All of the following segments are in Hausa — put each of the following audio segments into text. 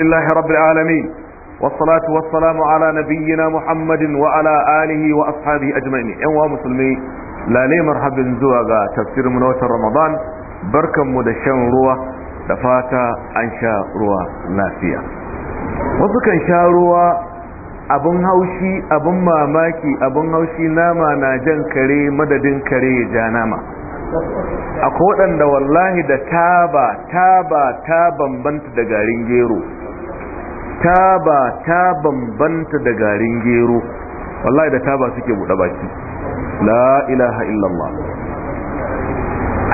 لله رب العالمين والصلاة والسلام على نبينا محمد وعلى آله وأصحابه أجمعين إنوا مسلمي لا لي مرحبا زوغا تفسير منوة رمضان بركة مدشان روى دفاتا أنشاء روى نافية وذكا شاء روى abin haushi abin mamaki abin haushi nama na jan kare madadin kare ja nama akwai waɗanda wallahi da taba taba ta bambanta da garin gero taba ta bambanta da garin gero wallahi da taba suke buɗe baki la ilaha illallah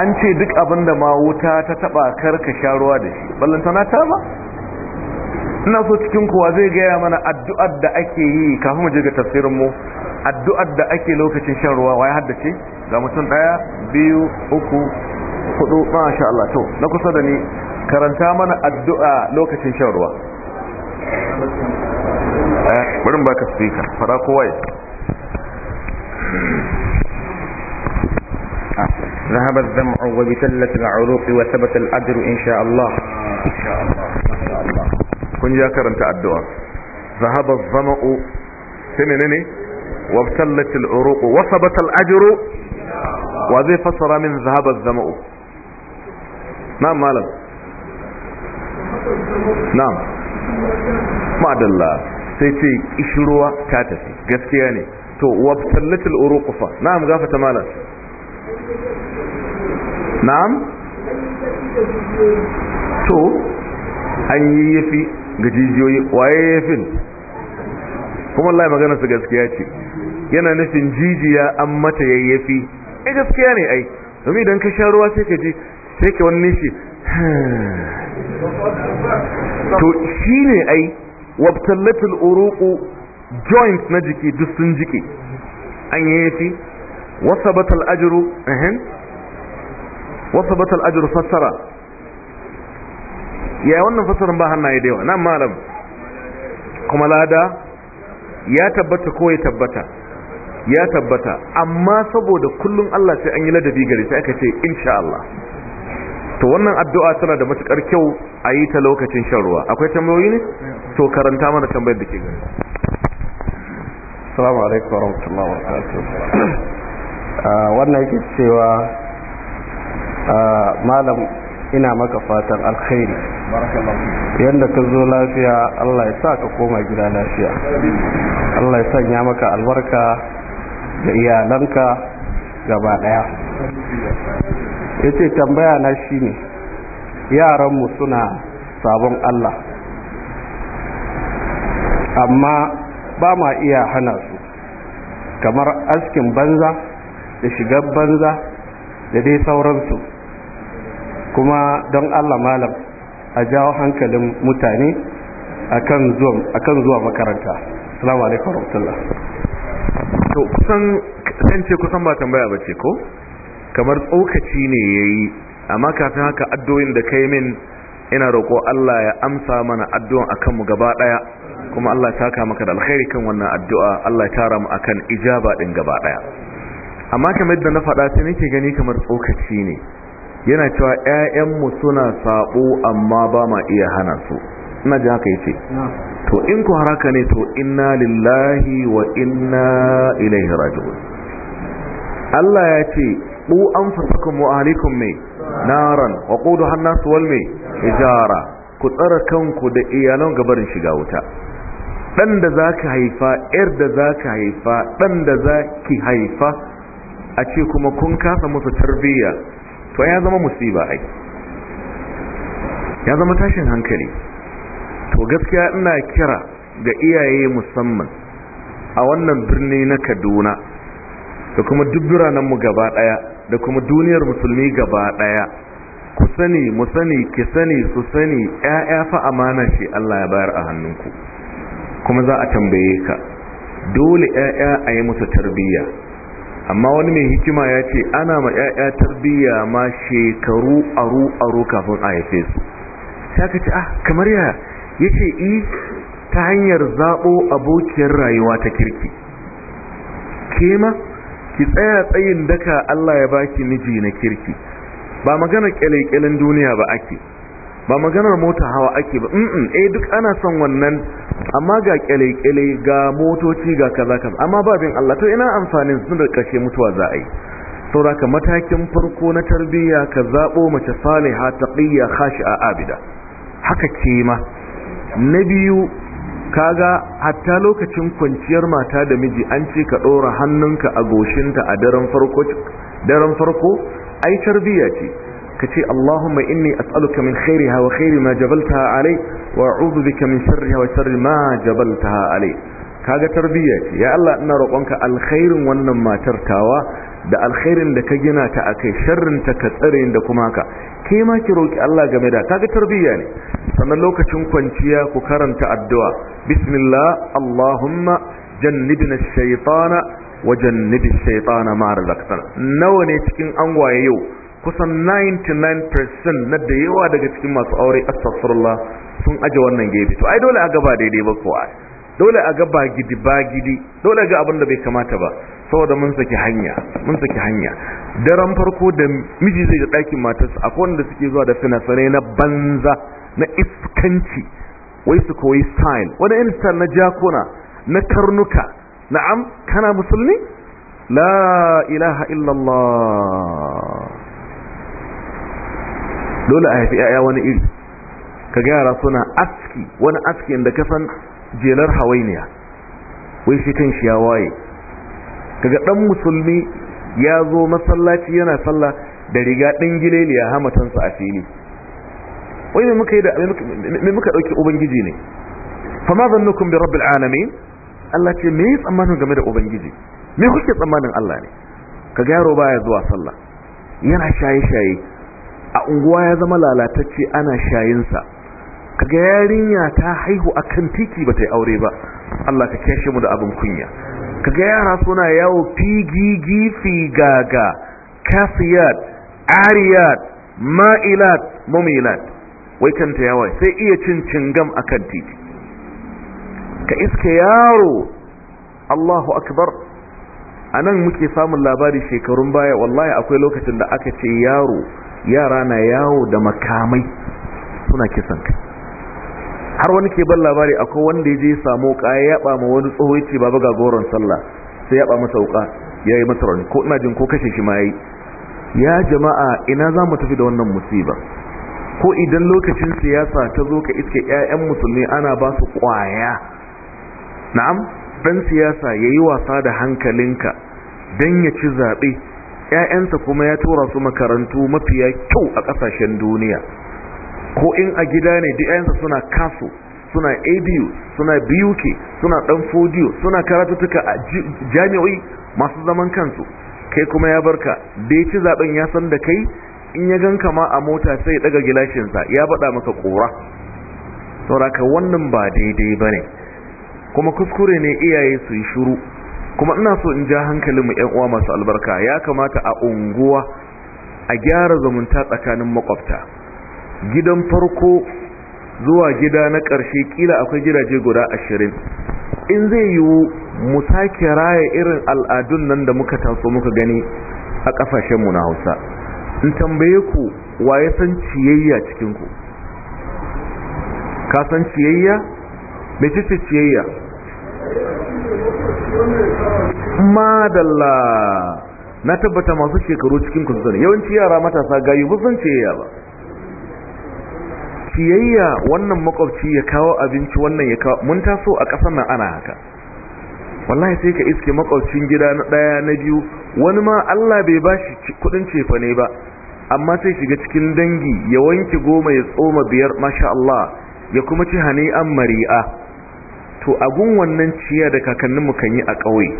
an ce duk abin da ma wuta ta taba karka sha ruwa da shi ballantana taba ina so cikin kowa zai gaya mana addu'ar da ake yi kafin mu je ga tafsirin mu addu'ar da ake lokacin shan ruwa wai haddace ga mutum daya biyu uku hudu masha Allah to na kusa da ni karanta mana addu'a lokacin shan ruwa Eh, bari baka speaker fara ko waye ذهب الدمع وبتلت العروق وثبت الأجر إن شاء الله كن يا كرمت الدعاء ذهب الظمع سنينني وابتلت العروق وثبت الأجر وذي فصر من ذهب الظمع نعم مالا نعم madalla sai ce ishruwa ta tafi gaskiya ne to wabtallatul uruqfa na'am gafata mala na'am to an yi yafi ga jijiyoyi waye yafin kuma Allah magana su gaskiya ce yana nufin jijiya an mata yayyafi eh gaskiya ne ai domin idan ka sha ruwa sai ka ji sai ka wani shi hmm. to shine ai wabtallatul uruqu joint na jiki duk sun jike an yafi wasabatal ajru ehem wasabatal ajru fassara ya wannan fassaran ba hannaye da yawa nan malam kuma lada ya tabbata ko ya tabbata ya tabbata amma saboda kullum Allah sai an yi ladabi gare sai aka ce insha Allah to wannan addu'a tana da matukar kyau a yi ta lokacin shan ruwa akwai tambayoyi ne to karanta mana tambayar da ke gani assalamu alaikum wa wa wabarakatuh ah, wannan yake cewa ah, malam ina maka fatan alkhairi yadda ka zo lafiya Allah ya sa ka koma gida lafiya Allah ya sanya maka albarka da iyalanka gaba daya ya ce tambaya na shi ne yaranmu suna sabon Allah amma ba ma iya hana su kamar askin banza da shigar banza da dai sauransu kuma don Allah malam a jawo hankalin mutane a kan zuwa makaranta salamu alaikum rahmatullah to kusan ce kusan ba tambaya ba ce ko kamar tsokaci ne ya yi, amma kafin haka addu'o'in da kai min ina roƙo Allah ya amsa mana addu'an akan mu gaba ɗaya kuma Allah ya saka maka da alkhairi kan wannan addu'a Allah ya tara mu akan ijaba ɗin gaba ɗaya amma kamar da na faɗa sai nake gani kamar tsokaci ne yana cewa ƴaƴanmu suna saɓo amma ba ma iya hana su ina ji haka yace to in ku haraka ne to inna lillahi wa inna ilaihi raji'un Allah ya ce ku an fasaka mu'alikun mai naran wa ƙudu hannu wal mai ijara, ku tsara kanku da iyalan gabarin shiga wuta dan da ka haifa yar da ka haifa dan da zaki haifa a ce kuma kun kasa musu tarbiyya to ya zama musiba ai ya zama tashin hankali to gaskiya ina kira ga iyaye musamman a wannan birni na Kaduna da kuma duk biranenmu gaba ɗaya da kuma duniyar musulmi gaba ɗaya ku sani mu sani ki sani su sani ƴaƴa fa amana shi Allah ya bayar a hannunku kuma za a tambaye ka dole ƴaƴa a yi musu tarbiyya amma wani mai hikima ya ce ana ma ƴaƴa tarbiyya ma shekaru aru aru kafin a haife su ta ka ce ah kamar ya yace i eh, ta hanyar zaɓo abokiyar rayuwa ta kirki kema ki tsaya tsayin daka Allah ya baki miji na kirki ba magana kyalekyalen duniya ba ake ba maganar mota hawa ake ba mm eh duk ana son wannan amma ga kyalekyale ga motoci ga kaza kaza amma babin Allah to ina amfanin sun da kashe mutuwa za a yi sauraka matakin farko na tarbiyya ka zabo mace saliha taqiyya khashi'a abida haka ke ma na biyu kaga hatta lokacin kwanciyar mata da miji an ce ka ɗora hannunka a goshinta a daren farko daren farko ai tarbiya ce ka Allahumma inni as'aluka min khairiha wa khairi ma jabaltaha alai wa a'udhu bika min sharriha wa sharri ma jabaltaha alai kaga tarbiya ce ya Allah ina roƙonka alkhairin wannan matar tawa da alkhairin da ka gina ta a kai sharrin ta ka tsare da kuma ka ke ma ki roki Allah game da kaga tarbiyya ne sannan lokacin kwanciya ku karanta addu'a bismillah allahumma jannibna ash-shaytana wa jannibi shaytana ma razaqtana nawa ne cikin angwaye yau kusan 99% na da yawa daga cikin masu aure astaghfirullah sun aje wannan gefe to ai dole a gaba daidai ba kuwa dole a gaba gidi ba gidi dole ga abin da bai kamata ba saboda mun saki hanya mun saki hanya daren farko da miji zai ga ɗakin matarsa akwai wanda suke zuwa da fina-finai na banza na iskanci wai su koyi style wani irin style na jakuna na karnuka na'am kana musulmi la ilaha illallah dole a haifi 'ya'ya wani iri ka yara suna aski wani aski da kasan jelar hawainiya wai shi kan shi ya waye kaga dan musulmi ya zo masallaci yana sallah da riga ɗin gileliya hamatansa a fili wai mai muka yi da muka ɗauki ubangiji ne fama zannukum bi rabbil alamin Allah ce me yi tsammanin game da ubangiji me kuke tsammanin Allah ne ka gyaro baya zuwa sallah yana shaye shaye a unguwa ya zama lalatacce ana shayinsa kaga yarinya ta haihu akan titi bata yi aure ba Allah ka kashe mu da abin kunya Ka ga yara suna yawo figigi figaga kasiyat ariyat ma'ilat mumilat wai kanta yawa sai iya cin cingam a kan titi ka iske yaro allahu akbar a nan muke samun labari shekarun baya wallahi akwai lokacin da aka ce yaro yara na yawo da makamai suna kisan kai har wani ke ban labari akwai wanda ya je ya samu kaya ya yaba ma wani tsoho yace baba ga goron sallah sai yaba masa wuka yayi masa rauni ko ina jin ko kashe shi ma yayi ya jama'a ina za mu tafi da wannan musiba ko idan lokacin siyasa ta zo ka iske 'ya'yan musulmi ana ba su kwaya na'am dan siyasa yayi wasa da hankalinka dan ya ci zaɓe, 'ya'yansa kuma ya tura su makarantu mafiya kyau a ƙasashen duniya ko in a gida ne duk yayansa suna kasu suna abu suna buk suna dan fodiyo suna karatuttuka a jami'oi masu zaman kansu kai kuma ya barka da ya ci zaben ya san da kai in ya gan kama a mota sai daga gilashinsa ya bada maka kora sauraka wannan ba daidai ba ne kuma kuskure ne iyaye su yi shuru kuma ina so in ja hankalinmu yan uwa masu albarka ya kamata a unguwa a gyara zumunta tsakanin makwabta gidan farko zuwa gida na ƙarshe kila akwai gidaje guda ashirin in zai yiwu mu sake raya irin al'adun nan da muka taso muka gani a mu na hausa in tambaye ku wa ya san ciyayya cikinku ka san ciyayya? mai cice ciyayya? madalla na tabbata masu shekaru cikin ku yawanci yara matasa gayu ba san ciyayya ba siyayya wannan makwabci ya kawo abinci wannan ya kawo mun taso a ƙasar nan ana haka wallahi sai ka iske makwabcin gida na ɗaya na biyu wani ma Allah bai bashi kuɗin cefa ne ba amma sai shiga cikin dangi ya wanke goma ya tsoma biyar masha Allah ya kuma ci hani'an mari'a to agun wannan ciya da kakannin mu kan yi a ƙauye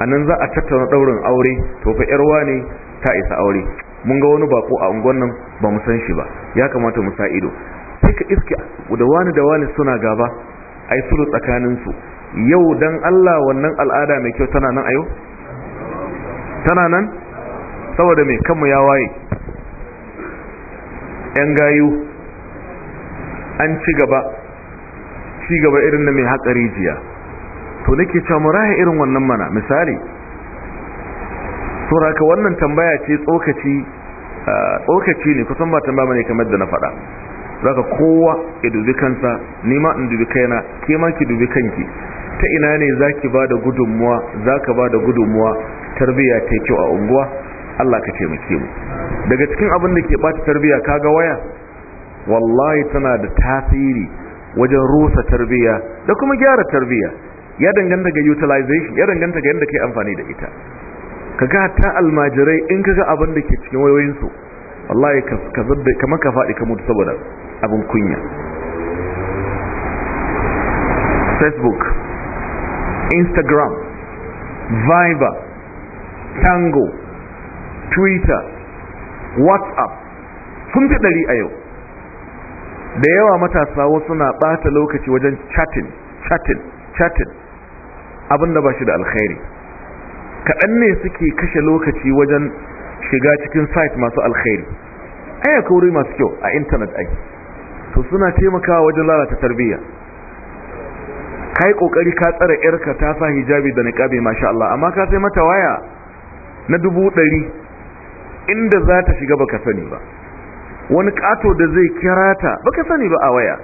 a nan za a tattauna ɗaurin aure to fa yarwa ne ta isa aure mun ga wani bako a unguwan nan ba mu san shi ba ya kamata mu sa ido sai ka iske da wani da wani suna gaba a yi sulu tsakaninsu yau don allah wannan al'ada mai kyau tana nan a yau tana nan saboda mai kanmu ya waye yan gayu an ci gaba ci gaba irin na mai haƙa jiya to nake ke camu rahe irin wannan mana misali saboda wannan tambaya ce ah, tsokaci ne kusan ba tambaya ne kamar da na faɗa zaka kowa ya dubi kansa nima in dubi kaina ke ma ki dubi kanki ta ina ne zaki bada gudunmuwa zaka bada gudunmuwa tarbiya ta kyau a unguwa Allah ka taimake mu daga cikin abin da ke bata tarbiya ga waya wallahi tana da tasiri wajen rusa tarbiyya da kuma gyara tarbiyya ya danganta ga utilization ya danganta ga yadda ke amfani da ita kaga ta almajirai in ka ga abin da ke cikin wayoyinsu wallahi kamar ka faɗi ka mutu saboda abin kunya facebook instagram viber tango twitter whatsapp sun fi ɗari a yau da yawa matasa wasu na ɓata lokaci wajen chatting chatting chatting abinda ba shi da alkhairi kaɗan ne suke kashe lokaci wajen shiga cikin site masu alkhairi ai ka wuri masu kyau a internet ai to suna taimakawa wajen lalata tarbiyya kai kokari ka tsara yarka ta sa hijabi da niqabi masha Allah amma ka sai mata waya na dubu ɗari inda za ta shiga baka sani ba wani kato da zai kira ta baka sani ba a waya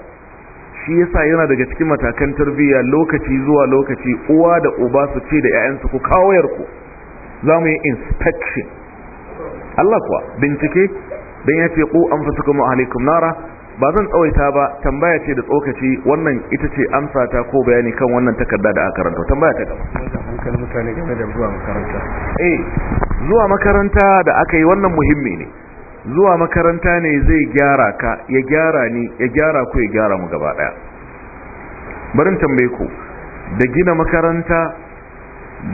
shi yasa yana daga cikin matakan tarbiyya lokaci zuwa lokaci uwa da uba su ce da 'ya'yansu ku kawo yarku za mu yi inspection Allah kuwa bincike dan ya ce ku anfusukum wa ahlikum nara ba zan tsawaita ba tambaya ce da tsokaci wannan ita ce amsa ta ko bayani kan wannan takarda da aka karanta tambaya ta gaba mutane game da zuwa makaranta eh zuwa makaranta da aka yi wannan muhimmi ne zuwa makaranta ne zai gyara ka ya gyara ni ya gyara ku ya gyara mu gaba daya barin tambaye ku da gina makaranta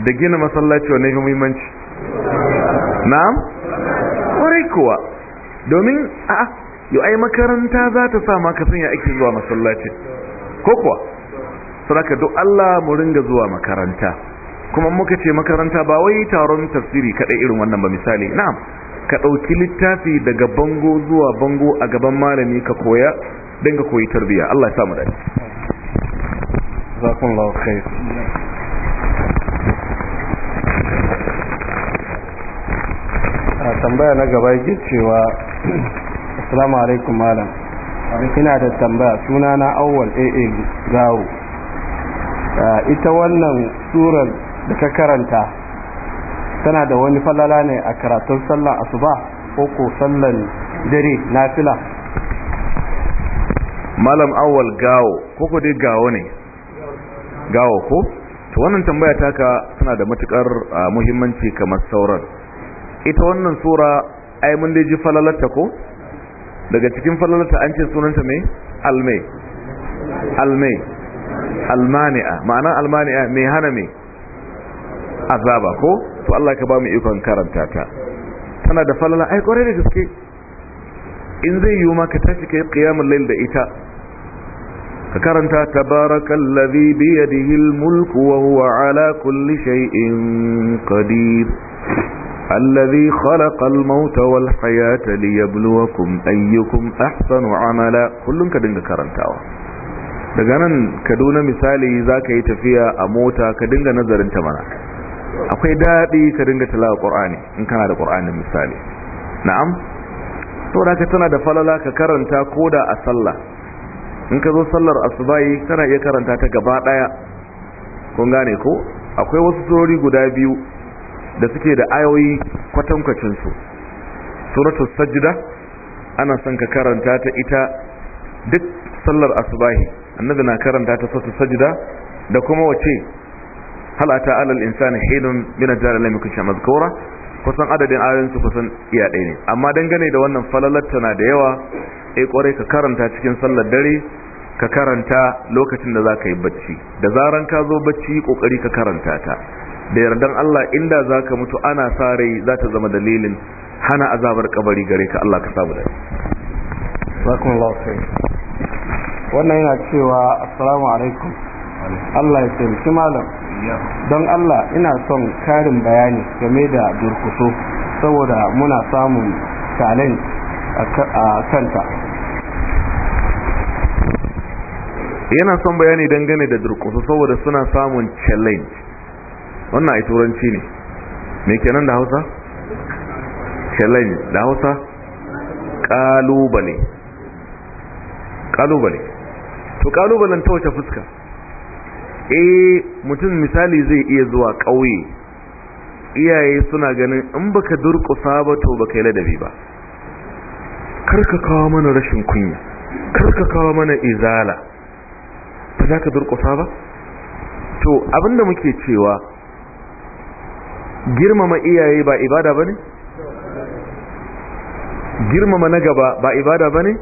da gina masallaci wa ne muhimmanci na'am kwarai kuwa domin a yi ai makaranta za ta sa maka sanya ake zuwa masallaci ko kuwa saraka duk Allah mu ringa zuwa makaranta kuma muka ce makaranta ba wai taron tafsiri kaɗai irin wannan ba misali na'am ka ɗauki littafi daga bango zuwa bango a gaban malami ka koya don ka koyi tarbiyya Allah ya samu dace a tambaya na gaba yake cewa assalamu alaikum malam ina da tambaya suna na awwal aa gawo ita wannan surar da ka karanta tana da wani falala ne a karatun sallan asuba ko ko sallan dare na fila malam awwal gawo ko ko dai gawo ne gawo ko to wannan tambaya taka tana da matukar muhimmanci kamar sauran ita wannan sura ai mun dai ji falalata ko daga cikin falalata an ce sunanta me almai almai almani'a ma'ana almani'a me hana me azaba ko to Allah ka ba mu ikon karanta ta tana da falala ai kwarai da gaske in zai yi ma ka tashi kai qiyamul layl da ita ka karanta tabarakallazi bi yadihi almulku wa huwa ala kulli shay'in qadir الذي خلق الموت والحياة ليبلوكم أيكم أحسن عملا كلهم كدنك كرنتاوا daga nan kaduna misali za ka yi tafiya a mota ka dinga nazarin ta mana akwai daɗi ka dinga talawa ƙorani in kana da ƙorani misali na'am to da ka tana da falala ka karanta ko da a sallah in ka zo sallar asubahi kana iya karanta ta gaba ɗaya kun gane ko akwai wasu surori guda biyu da suke da ayoyi kwatankwacin su suratul sajda ana son ka karanta ta ita duk sallar asubahi annabi na karanta ta suratu sajda da kuma wace hal ata al insani hinun min ajal lam yakun sha mazkura kusan adadin ayoyin su kusan iya ɗaya ne amma dangane da wannan falalar tana da yawa eh kwarai ka karanta cikin sallar dare ka karanta lokacin da za ka yi bacci da zaran ka zo bacci kokari ka karanta ta da yardan Allah inda za ka mutu ana sa rai za ta zama dalilin hana azabar kabari gare ka Allah ka samu da wannan yana cewa assalamu alaikum Allah ya taimaki malam don Allah ina son karin bayani game da durkuso saboda muna samun challenge a kanta yana son bayani dangane da durkuso saboda suna samun challenge wannan ai turanci ne me kenan da hausa challenge da hausa kalubale kalubale to kalubalen ta wace fuska eh mutum misali zai iya zuwa ƙauye iyaye suna ganin in baka durƙusa ba to baka yi ladabi ba karka kawo mana rashin kunya karka kawo mana izala ba za ka durƙusa ba to abinda muke cewa girmama iyaye ba ibada bane girmama na gaba ba ibada bane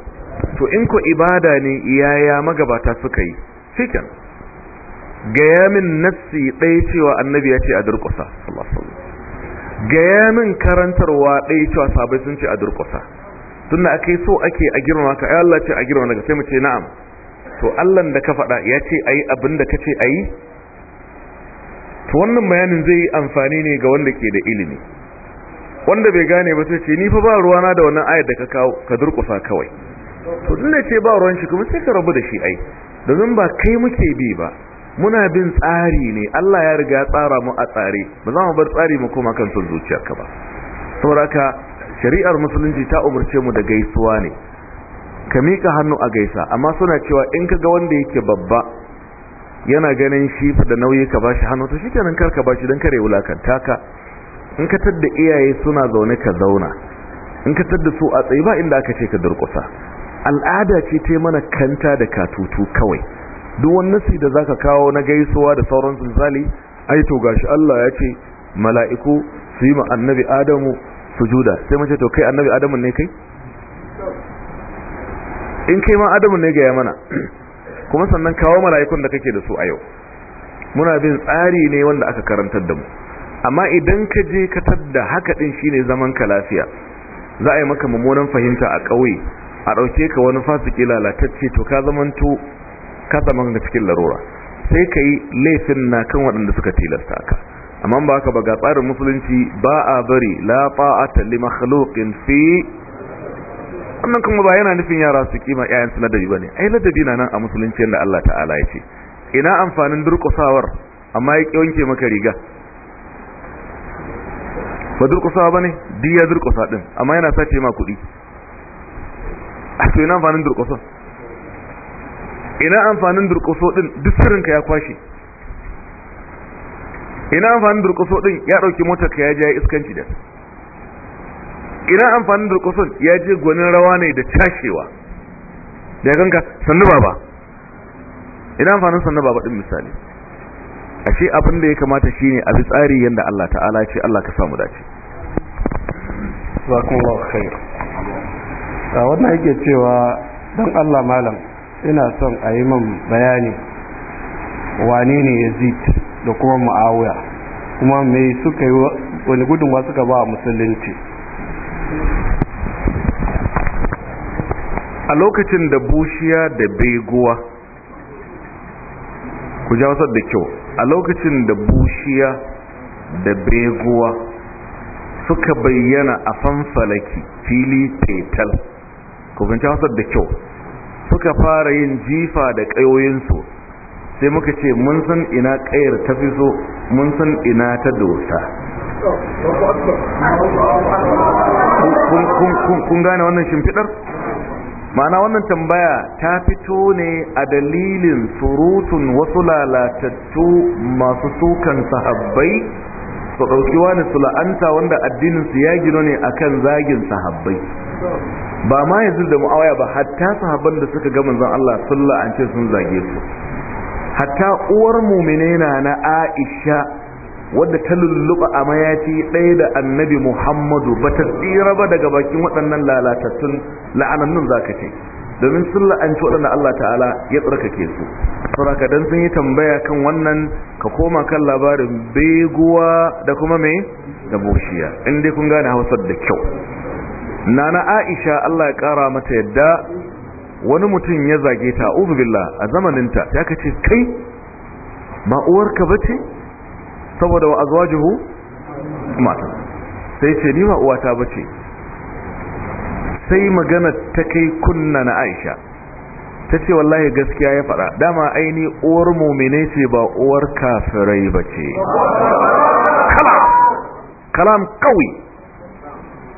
to in ko ibada ne iyaya magabata suka yi Cikin, gaya min nassi ɗaya cewa annabi ya ce a durƙusa gaya min karantarwa ɗaya cewa sabai sun ce a durƙusa tun da aka yi so ake a girma ka ayi Allah ce a girma daga sai mu ce na'am to Allah da ka faɗa ya ce a yi abin da ka ce a yi to wannan bayanin zai yi amfani ne ga wanda ke da ilimi wanda bai gane ba sai ce ni fa ba ruwa ruwana da wannan ayar da ka kawo ka durƙusa kawai to tun da ce ba ruwan shi kuma sai ka rabu da shi ai da zan ba kai muke bi ba muna bin tsari ne Allah ya riga tsara mu a tsare ba za mu bar tsari mu koma kan son ka ba saboda shari'ar musulunci ta umarce mu da gaisuwa ne ka mika hannu a gaisa amma suna cewa in ka ga wanda yake babba yana ganin shi da nauyi ka bashi hannu to shikenan kar ka bashi dan kare wulakanta ka in ka tadda iyaye suna zaune ka zauna in ka tadda su a tsaye ba inda aka ce ka durkusa al'ada ce ta mana kanta da katutu kawai duk wani nasi da zaka kawo na gaisuwa da sauran misali ai to gashi Allah ya ce mala'iku su yi ma annabi Adamu sujuda sai mace to kai annabi Adamu ne kai in kai ma Adamu ne ga ya mana kuma sannan kawo mala'ikun da kake da su a yau muna bin tsari ne wanda aka karantar da mu amma idan ka je ka tadda haka din shine zaman ka lafiya za a yi maka mummunan fahimta a ƙauye a ɗauke ka wani fasiki lalatacce to ka zamanto ka zama ga cikin larura sai ka yi laifin na kan waɗanda suka tilasta ka amma ba ka ba ga tsarin musulunci ba a bari la ta'ata li makhluqin fi wannan kuma ba yana nufin yara su kima ƴaƴan su ladabi bane ai ladabi na nan a musulunci da Allah ta'ala ya ce ina amfanin durƙusawar amma ya wanke maka riga ba durƙusawa bane duk ya durƙusa din amma yana sace ma kuɗi a to ina amfanin durƙusa ina amfanin durƙuso din duk ka ya kwashe ina amfanin durƙuso din ya ɗauki motar ka ya ja iskanci da ina amfanin kusur ya je gwanin rawa ne da cashewa da ganka sannu baba ina amfanin sannu baba din misali ashe abin da ya kamata shine a bi tsari yadda Allah ta'ala ce Allah ka samu dace wa khair a wannan yake cewa don Allah malam ina son a yi min bayani wane ne Yazid da kuma ma'awuya kuma me suka yi wani gudunwa suka ba musulunci a lokacin da bushiya da beguwa ku ja wasu da kyau a lokacin da bushiya da beguwa suka bayyana a fanfalaki fili fetal ku bince wasu da kyau suka fara yin jifa da ƙayoyinsu sai muka ce mun san ina ƙayar ta fi so mun san ina ta dosa kun gane wannan shimfiɗar ma'ana wannan tambaya ta fito ne a dalilin surutun wasu lalatattu masu sukan sahabbai su ɗauki wani su la'anta wanda addininsu ya gino ne a kan zagin sahabbai ba ma yanzu da mu'awaya ba hatta sahabban da suka gama zan Allah sun la'ance sun zage su hatta uwar na na Aisha wadda ta lulluɓa a mayaci, ɗaya da annabi muhammadu ba ta tsira ba daga bakin waɗannan lalatattun la'anannun za ka ce domin sun la'anci waɗanda Allah ta'ala ya tsarkake su sauraka don sun yi tambaya kan wannan ka koma kan labarin beguwa da kuma mai da bushiya inda kun gane Hausa da kyau nana aisha Allah ya kara mata yadda wani mutum ya zage ta Ubu billah a zamaninta ta kace kai ma uwarka ce? saboda wa azwajuhu mata sai ce ni ba uwata bace sai magana ta kai kunna na Aisha tace wallahi gaskiya ya faɗa dama aini uwar mumine ce ba uwar kafirai bace kalam kalam kawi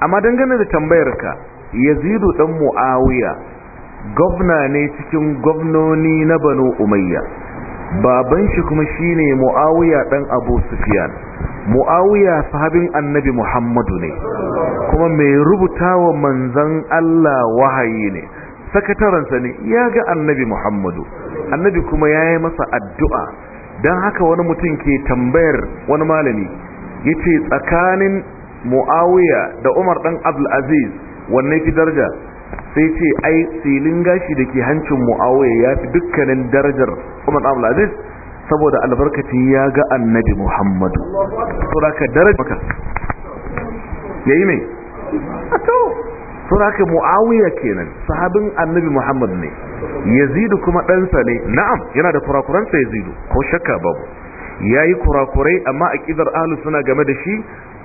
amma dangane da tambayarka yazidu dan muawiya gwamna ne cikin gwamnoni na banu umayya baban shi kuma shine muawiya dan abu sufyan muawiya sahabin annabi muhammadu ne kuma mai rubutawa manzan Allah wahayi ne sakataransa ne ya ga annabi muhammadu annabi kuma ya yi masa addu'a don haka wani mutum ke tambayar wani malami ya ce tsakanin mu'awiya da umar ɗan abdulaziz wanne fi darja sai ce ai silin gashi da ke hancin mu'awiya ya fi dukkanin darajar umar abu aziz saboda albarkacin ya ga annabi muhammadu suraka darajar maka. ya yi mai a to suraka mu'awiya kenan sahabin annabi muhammad ne yazidu kuma ɗansa ne na'am yana da kurakuransa yazidu ko shakka babu ya yi kurakurai amma a ƙidar ahalu suna game da shi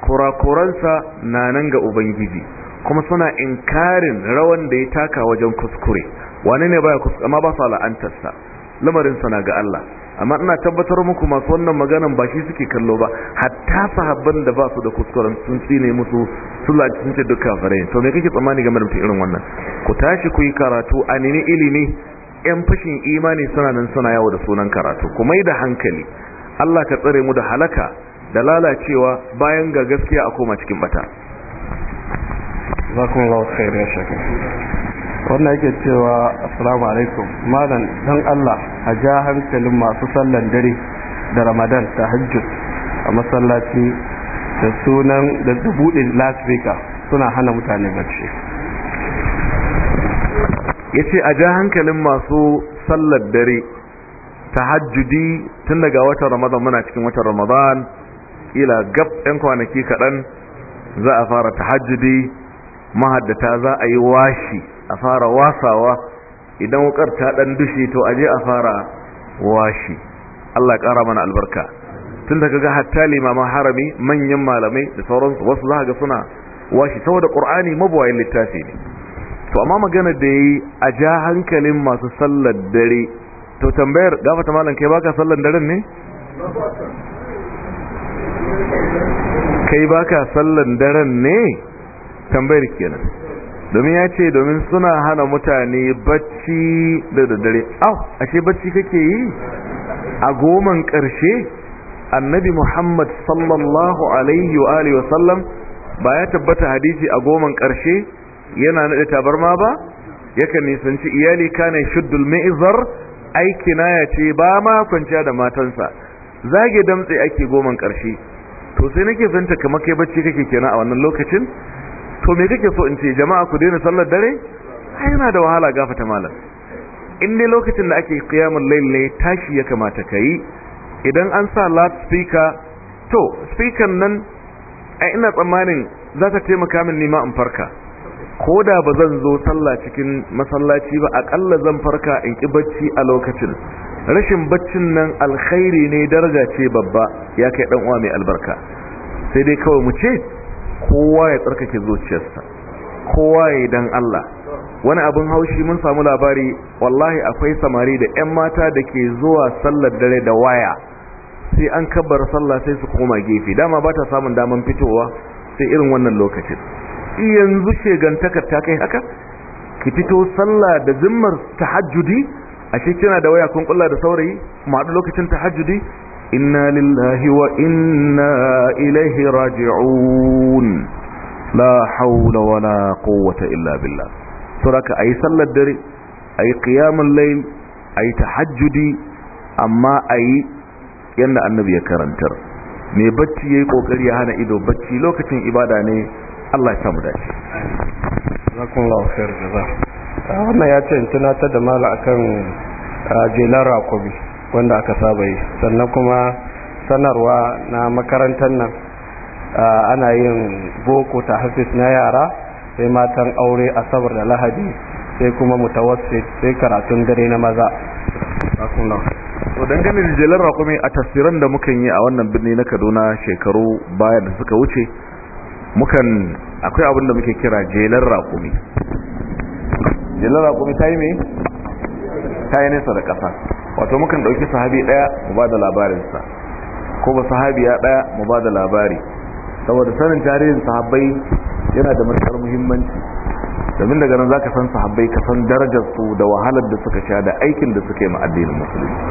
kurakuransa na nan ga ubangiji kuma suna inkarin rawan da ya taka wajen kuskure wane ne baya kuskure amma ba su la'antarsa lamarin sana ga Allah amma ina tabbatar muku masu wannan maganan ba shi suke kallo ba hatta sahabban da ba su da kuskuren sun tsine musu sun cikin sun ce duka to me kake tsammani game da irin wannan ku tashi ku yi karatu a nemi ilimi yan fashin imani suna nan suna yawo da sunan karatu ku mai da hankali Allah ka tsare mu da halaka da lalacewa bayan ga gaskiya a koma cikin bata zakumullahu ya shakir wannan yake cewa assalamu alaikum malam dan Allah a ja hankalin masu sallan dare da ramadan ta hajjud a masallaci da sunan da las vegas suna hana mutane bacci ya ce a ja hankalin masu sallar dare ta hajjudi tun daga watan ramadan muna cikin watan ramadan ila gab 'yan kwanaki kaɗan za a fara ta hajjudi mahaddata za a yi washi a fara wasawa idan wukar ta dan dushe to a je a fara washi Allah ƙara mana albarka tun daga ga hatta limaman harami manyan malamai da sauransu wasu za ga suna washi saboda ƙur'ani mabuwayin littafi ne to amma magana da yi a ja hankalin masu sallar dare to tambayar gafata malam kai baka sallar daren ne kai baka sallar daren ne tambayar kenan domin ya ce domin suna hana mutane bacci da daddare au ashe bacci kake yi a goman karshe, annabi muhammad sallallahu alaihi wa alihi wasallam ba ya tabbata hadisi a goman karshe, yana naɗa tabarma ba yakan nisanci iyali kana shuddul ma'izar aiki na ya ce ba ma kwanciya da matansa zage damtse ake goman ƙarshe to sai nake zanta kamar kai bacci kake kenan a wannan lokacin to me kake so in ce jama'a ku daina sallar dare ai yana da wahala gafata malam in dai lokacin da ake qiyamul layl ne tashi ya kamata kai idan an sa speaker to speaker nan ai ina tsammanin za ta taimaka min nima in farka ko da ba zan zo sallah cikin masallaci ba akalla zan farka in ki bacci a lokacin rashin baccin nan alkhairi ne daraja ce babba ya kai dan uwa mai albarka sai dai kawai mu ce kowa ya tsarkake zuciyarsa kowa ya yi don Allah wani abin haushi mun samu labari wallahi akwai samari da 'yan mata da ke zuwa sallar dare da waya sai an kabbar sallah sai su koma gefe dama ba ta samun damar fitowa sai irin wannan lokacin yanzu shegantaka ta kai haka ki fito sallah da zimmar tahajjudi ashe kina da waya kun kulla da saurayi mu haɗu lokacin tahajjudi inna lillahi wa inna ilaihi raji'un la haula wala quwwata illa billah suraka ayi sallar dare ayi qiyamul layl ayi tahajjudi amma ayi yanda annabi ya karantar me bacci yayi kokari ya hana ido bacci lokacin ibada ne Allah ya samu dace jazakumullahu khair jaza wannan ya ce tunatar da mala akan jelar rakobi wanda aka saba yi sannan kuma sanarwa na makarantar nan ana yin boko ta hafis na yara sai matan aure a sabar da lahadi sai kuma mutawassit sai karatun dare na maza to dangane da jelar rakumi a tasirin da mukan yi a wannan birni na kaduna shekaru baya da suka wuce mukan akwai abin da muke kira jelar rakumi jelar rakumi ta yi me ta yi nesa da ƙasa wato mukan ɗauki sahabi ɗaya mu bada da labarinsa ko ba sahabiya ɗaya mu bada labari saboda sanin tarihin sahabbai yana da matuƙar muhimmanci domin daga nan za san sahabbai ka san darajarsu da wahalar da suka sha da aikin da suka yi ma addinin musulunci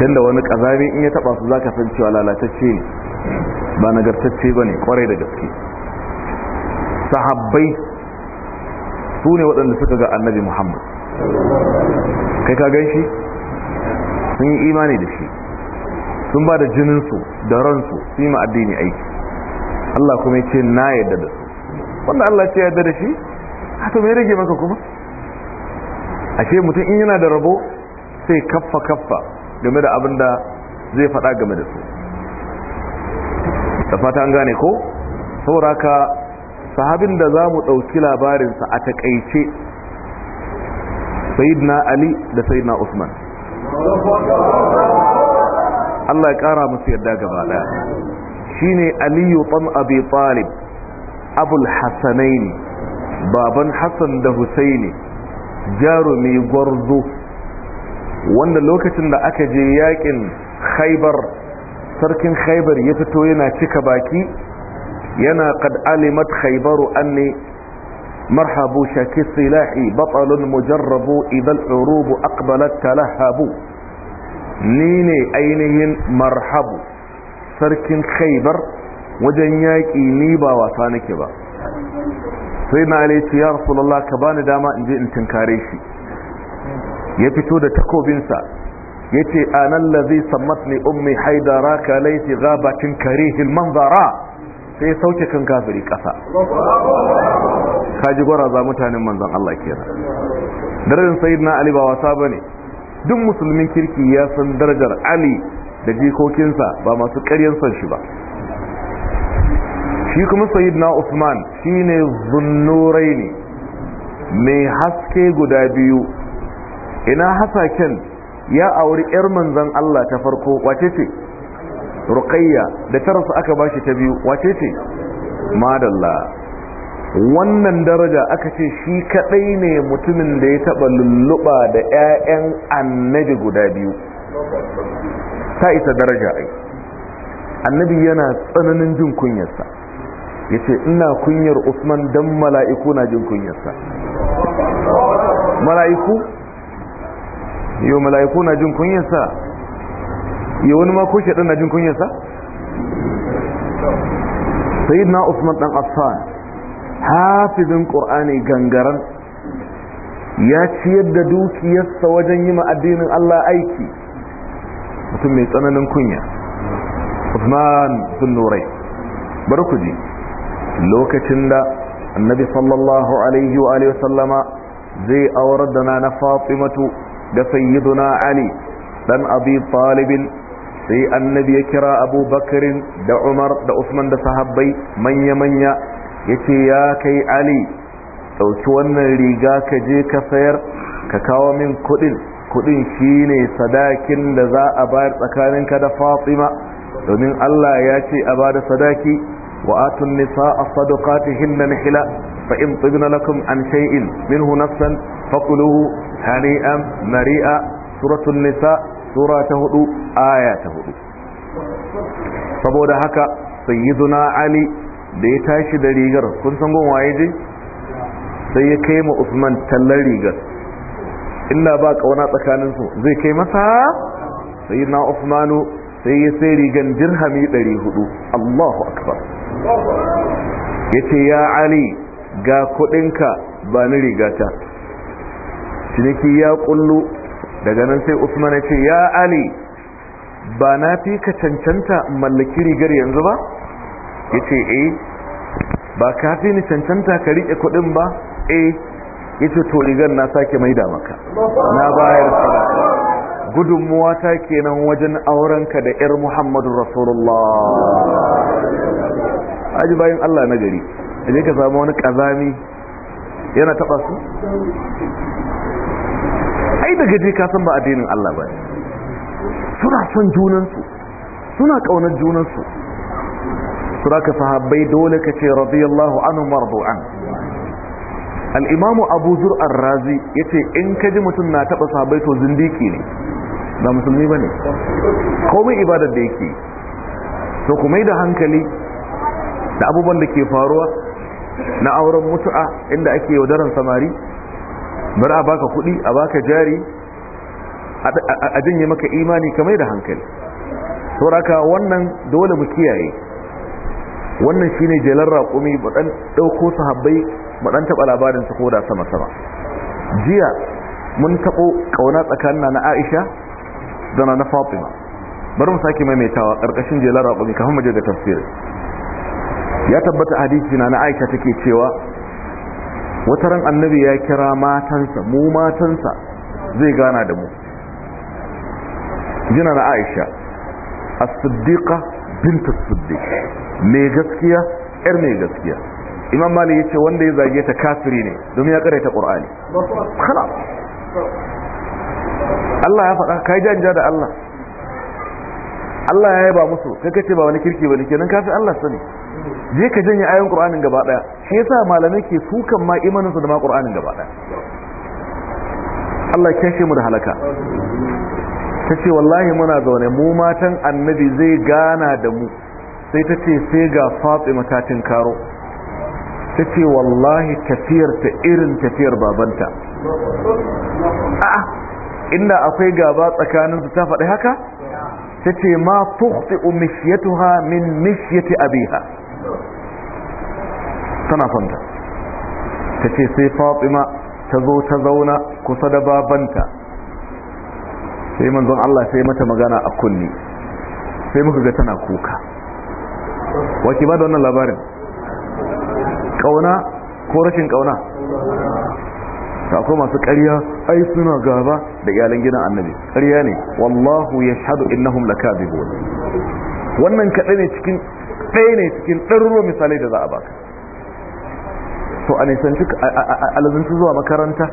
tunda wani ƙazami in ya taɓa su za san cewa lalatacce ne ba nagartacce ba ne kwarai da gaske sahabbai su ne waɗanda suka ga annabi muhammad kai ka gan sun yi imani da shi sun ba da jininsu da ransu su yi ma addini aiki Allah kuma ya ce na yadda da su wanda Allah ce yadda da shi a to mai rage maka kuma a ce mutum in yana da rabo sai kaffa kaffa game da abin da zai faɗa game da su da fata an gane ko sauraka sahabin da za mu ɗauki labarinsa a taƙaice sayidna ali da sayidna usman Allah ya ƙara musu yadda gaba shi ne aliyu ɗan abi talib abul baban hassan da husaini jarumi gwarzo wanda lokacin da aka je yakin khaibar sarkin khaibar ya fito yana cika baki yana kad alimat khaibaru ne. مرحب شك السلاح بطل مجرب إذا العروب أقبلت تلهب نيني أينهن مرحب سرك خيبر وجنياك نيبا وطانك با سيدنا عليه يا رسول الله كبان داما انجي انتن كاريشي يفتو دا تكو بنسا يتي أنا الذي سمتني أمي حيدراك ليت غابة كريه المنظرات sai ya sauke kan kafiri ƙasa kaji gwaraza mutanen manzon Allah kenan darajar sayyidina ali ba wasa bane duk musulmin kirki ya san darajar ali da jikokinsa ba masu ƙaryan son shi ba shi kuma na usman shine zunnurai ne mai haske guda biyu ina hasaken ya auri 'yar manzon Allah ta farko wace ce ruqayya da ta su aka bashi ta biyu wace ce madalla wannan daraja aka ce shi kadai ne mutumin da ya taba lulluba da ƴaƴan annabi guda biyu ta isa daraja ai annabi yana tsananin jin kunyarsa yace ina kunyar Usman dan mala'iku na jin kunyarsa mala'iku yo mala'iku na jin kunyarsa ya wani ma ko shaɗan na jin kunyarsa na usman ɗan affan hafizin qur'ani gangaran ya ciyar da dukiyarsa wajen yi ma addinin Allah aiki mutum mai tsananin kunya usman sun nurai bari lokacin da annabi sallallahu alaihi wa alihi sallama zai aurar da na fatimatu da sayyiduna ali dan abi talibin sai annabi ya kira abu da umar da usman da sahabbai manya-manya ya ce ya kai ali ɗauki wannan riga ka je ka sayar ka kawo min kudin kudin shine sadakin da za a bayar tsakaninka da fatima domin allah ya ce a ba da sadaki wa atun nisa a sadukatihin na nihila fa in tsibina lakum an shay'in minhu nafsan fakuluhu hani'an mari'a suratun nisa sura ta hudu aya ta hudu saboda haka sayyiduna ali da ya tashi da rigar kun san gon waye je sai ya kai ma usman tallan rigar illa ba kauna tsakanin su zai kai masa sayyidina usmanu sai ya sai rigan dirhami 400 Allahu akbar yace ya ali ga kudinka ba ni rigata ciniki ya kullu daga nan sai usman ya ce ya ali ba na fi ka cancanta mallaki rigar yanzu ba ya ce eh ba ka fi ni cancanta ka riƙe kuɗin ba eh ya to rigar na sake da maka na bayar sadaka gudunmuwa ta kenan wajen aurenka da 'yar muhammadu rasulullah aji bayan allah na gari je ka samu wani ƙazami yana taɓa su ai daga je ka san ba addinin Allah ba suna son junansu suna kaunar junansu sura ka sahabbai dole ka ce radiyallahu anhu mardu'an al-imam abu zur ar-razi yace in ka ji mutum na taba sahabbai to zindiki ne ba musulmi bane komai ibadar da yake to kuma da hankali da abubuwan da ke faruwa na auren mutu'a inda ake yaudaran samari bari a baka kuɗi a baka jari a janye maka imani kamar da hankali sauraka wannan dole mu kiyaye wannan shine jelar raƙumi ɗan ɗauko sahabbai ɗan taɓa labarin su koda sama sama jiya mun taɓo ƙauna tsakanin na aisha da na fatima bari mu sake maimaitawa ƙarƙashin jelar raƙumi kafin mu je ga tafsirin ya tabbata hadisi na na aisha take cewa wata ran annabi ya kira matansa mu matansa zai gana da mu jina na aisha as-siddiqa bint as-siddiq mai gaskiya er mai gaskiya imam mali yace wanda ya zage ta kafiri ne domin ya ta qur'ani khalas Allah ya faɗa kai janja da Allah Allah ya yaba musu kai kace ba wani kirki bane kenan kafi Allah sani je ka janye ayon qur'anin gaba daya shi yasa malamai ke sukan ma imaninsu da ma qur'anin gaba daya Allah kashe mu da halaka tace wallahi muna zaune mu matan annabi zai gana da mu sai tace sai ga fatsi matatin karo ta wallahi tafiyar ta irin tafiyar babanta a'a inda akwai gaba tsakanin su ta faɗi haka tace ma tukhti umishiyatuha min mishyati abiha tana kwanta ta ce sai fatima ta zo ta zauna kusa da babanta sai manzon Allah sai mata magana a kunne, sai muka ga tana kuka wake ba da wannan labarin kauna ko rashin kauna ta akwai masu ƙarya ai suna gaba da iyalan gidan annabi ƙarya ne wallahu ya shaɗu innahum lakazibun wannan kaɗai ne cikin ɗaya ne cikin ɗaruruwa misalai da za a baka to a nisanci alazunci zuwa makaranta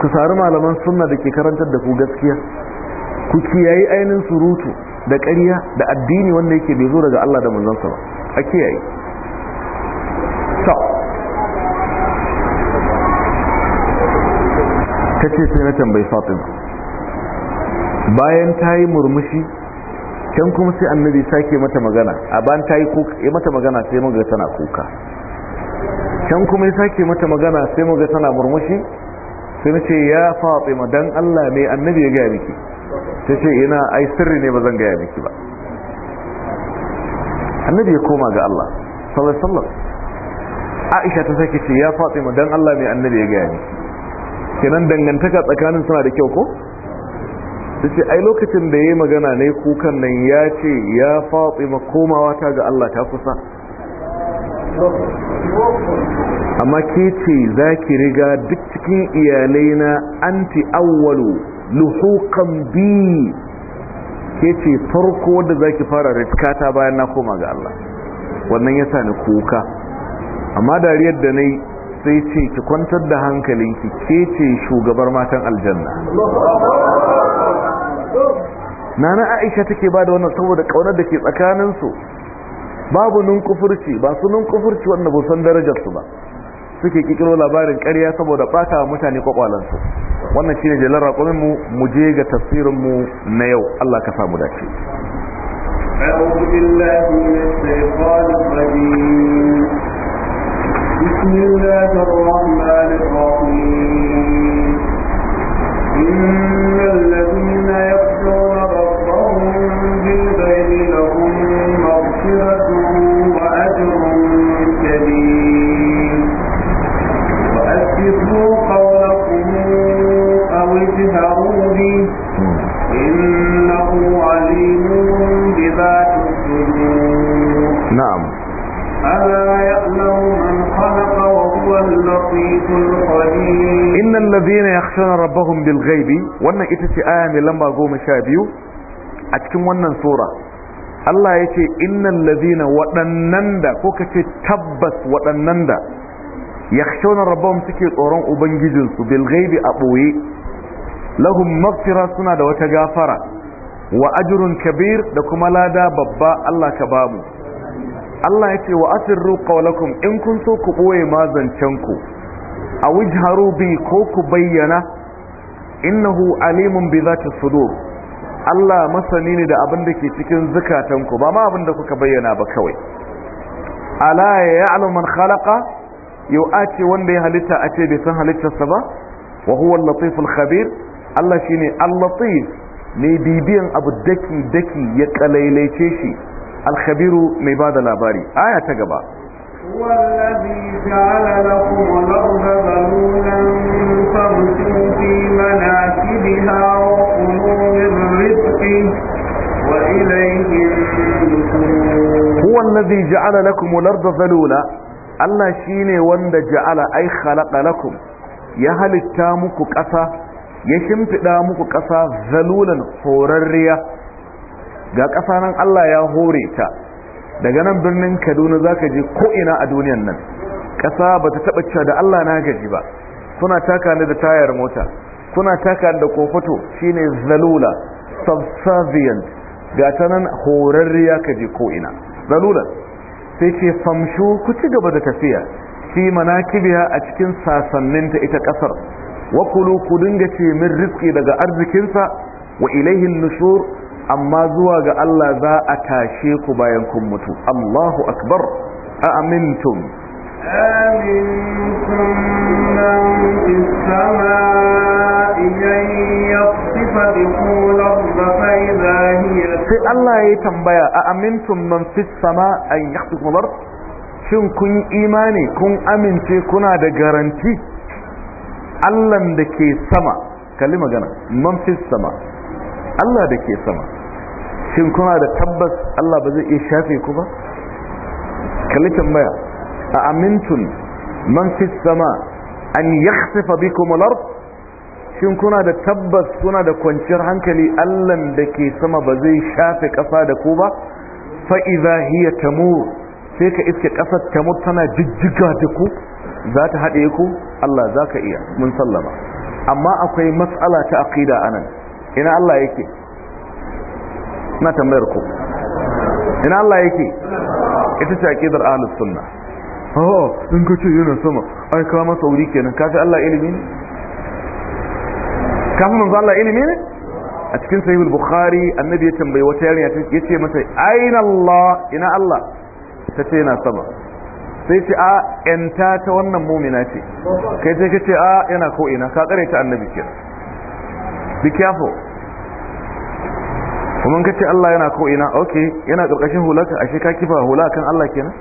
ku sari malaman suna da ke karantar da ku gaskiya ku kiyayi ainihin surutu da ƙarya da addini wanda yake bai zo daga Allah da manzansa ba a kiyaye ta ce sai na tambayi fatima bayan ta yi murmushi can kuma sai annabi sake mata magana a bayan ta yi mata magana sai maga tana kuka can kuma ya sake mata magana sai mu ga tana murmushi sai ce ya Fatima dan Allah mai annabi ya gaya miki ta ce ina ai sirri ne ba zan gaya miki ba annabi ya koma ga Allah sallallahu alaihi wasallam Aisha ta sake ce ya Fatima dan Allah mai annabi ya gaya miki kenan dangantaka tsakanin suna da kyau ko ta ce ai lokacin da ya yi magana ne kukan nan ya ce ya fatima komawa ta ga Allah ta kusa amma ke ce za ki riga duk cikin iyalai na anti awwalu luhukan bi ke ce farko da za ki fara rikata bayan na koma ga Allah wannan ya sa ni kuka amma dariyar da na sai ce ki kwantar da hankalinki ke ce shugabar matan aljanna nana aisha take ba da wannan saboda kaunar da ke tsakaninsu babu kufurci ba su kufurci wanda ba san darajarsu ba suke kikiro labarin ƙarya saboda ɓata mutane su wannan shine jelar raƙominmu mu je ga mu na yau Allah ka samu dace أعوذ بالله من الشيطان الرجيم بسم الله الرحمن الرحيم إن الذين يخشون ربهم بالغيب لهم وأجر أو به إنه عليم نعم ألا يعلم من خلق وهو إن الذين يخشون ربهم بالغيب وأن اتتي آية لما قوم شابيو أتكم ونن سورة Allah ya ce innan lazina waɗannan da ko ka ce tabbas waɗannan da ya shauna rabon suke tsoron ubangijinsu bilgaibi a ɓoye lahum mafira suna da wata gafara wa ajirun kabir da kuma lada babba Allah ka bamu Allah ya ce wa asirru in kun so ku ɓoye ku. a wujharu bi ko ku bayyana innahu alimun bi ta sudur Allah masani ne da abin da ke cikin zukatanku ba ma abin da kuka bayyana ba kawai ala ya yi man khalaqa yau a ce wanda ya halitta a ce bai san halittarsa ba wa huwa Kabir? khabir Allah shine al-latif ne bibiyan abu daki daki ya kalailaice shi al-khabiru mai bada labari aya ta gaba هو الذي جعل لكم الأرض ذلولا فامشوا في مناكبها وكلوا من رزقه لكم الأرض ذلولا Allah shi ne wanda ja'ala ai khalaqa lakum ya halitta muku ƙasa ya shimfiɗa muku ƙasa zalulan horarriya ga ƙasa nan Allah ya hore ta daga nan birnin kaduna za ka je ko'ina a duniyan nan ƙasa ba ta taɓa cewa da allah na gaji ba suna taka da tayar mota kuna taka da kofato shine zalula subservient ga ta nan horarriya ka je ko'ina zalula sai ce famshu ku ci gaba da tafiya fi kibiya a cikin sasannin ta ita ƙasar wakulu ku dinga ce min rizki daga arzikinsa wa ilaihin nushur amma zuwa ga Allah za a tashe ku bayan kun mutu Allahu akbar a amintum amintum man fis samaa'i yaqtifa bikum al-ardha fa idha hiya sai Allah ya tambaya a amintum man fis samaa'i an yaqtifa al-ardh shin kun imani kun amince kuna da garanti Allah da ke sama kalli magana man fis sama Allah da ke sama shin kuna da tabbas Allah ba zai iya shafe ku ba kalli tambaya a amintun man fi sama an yakhsifa bikum al-ard shin kuna da tabbas kuna da kwanciyar hankali Allah da ke sama ba zai shafe ƙasa da ku ba fa idza hiya tamur sai ka iske kasar tamur tana jijjiga da ku za ta haɗe ku Allah za ka iya mun sallama amma akwai matsala ta aqida anan ina Allah yake na tambayar ku ina Allah yake ita ce aqidar ahlus sunna oh in ka ce yana sama ai ka masa wuri kenan ka fi Allah ilimi ne ka fi Allah ilimi ne a cikin sahih al-bukhari annabi ya tambayi wata yarinya ya ce mata aina Allah ina Allah ta ce yana sama sai ce a yanta ta wannan mumina ce kai sai ka ce a yana ko ina ka tsare ta annabi kenan be careful kuma ce Allah yana ko ina okay yana ƙarƙashin hulaka ashe ka kifa hula kan Allah kenan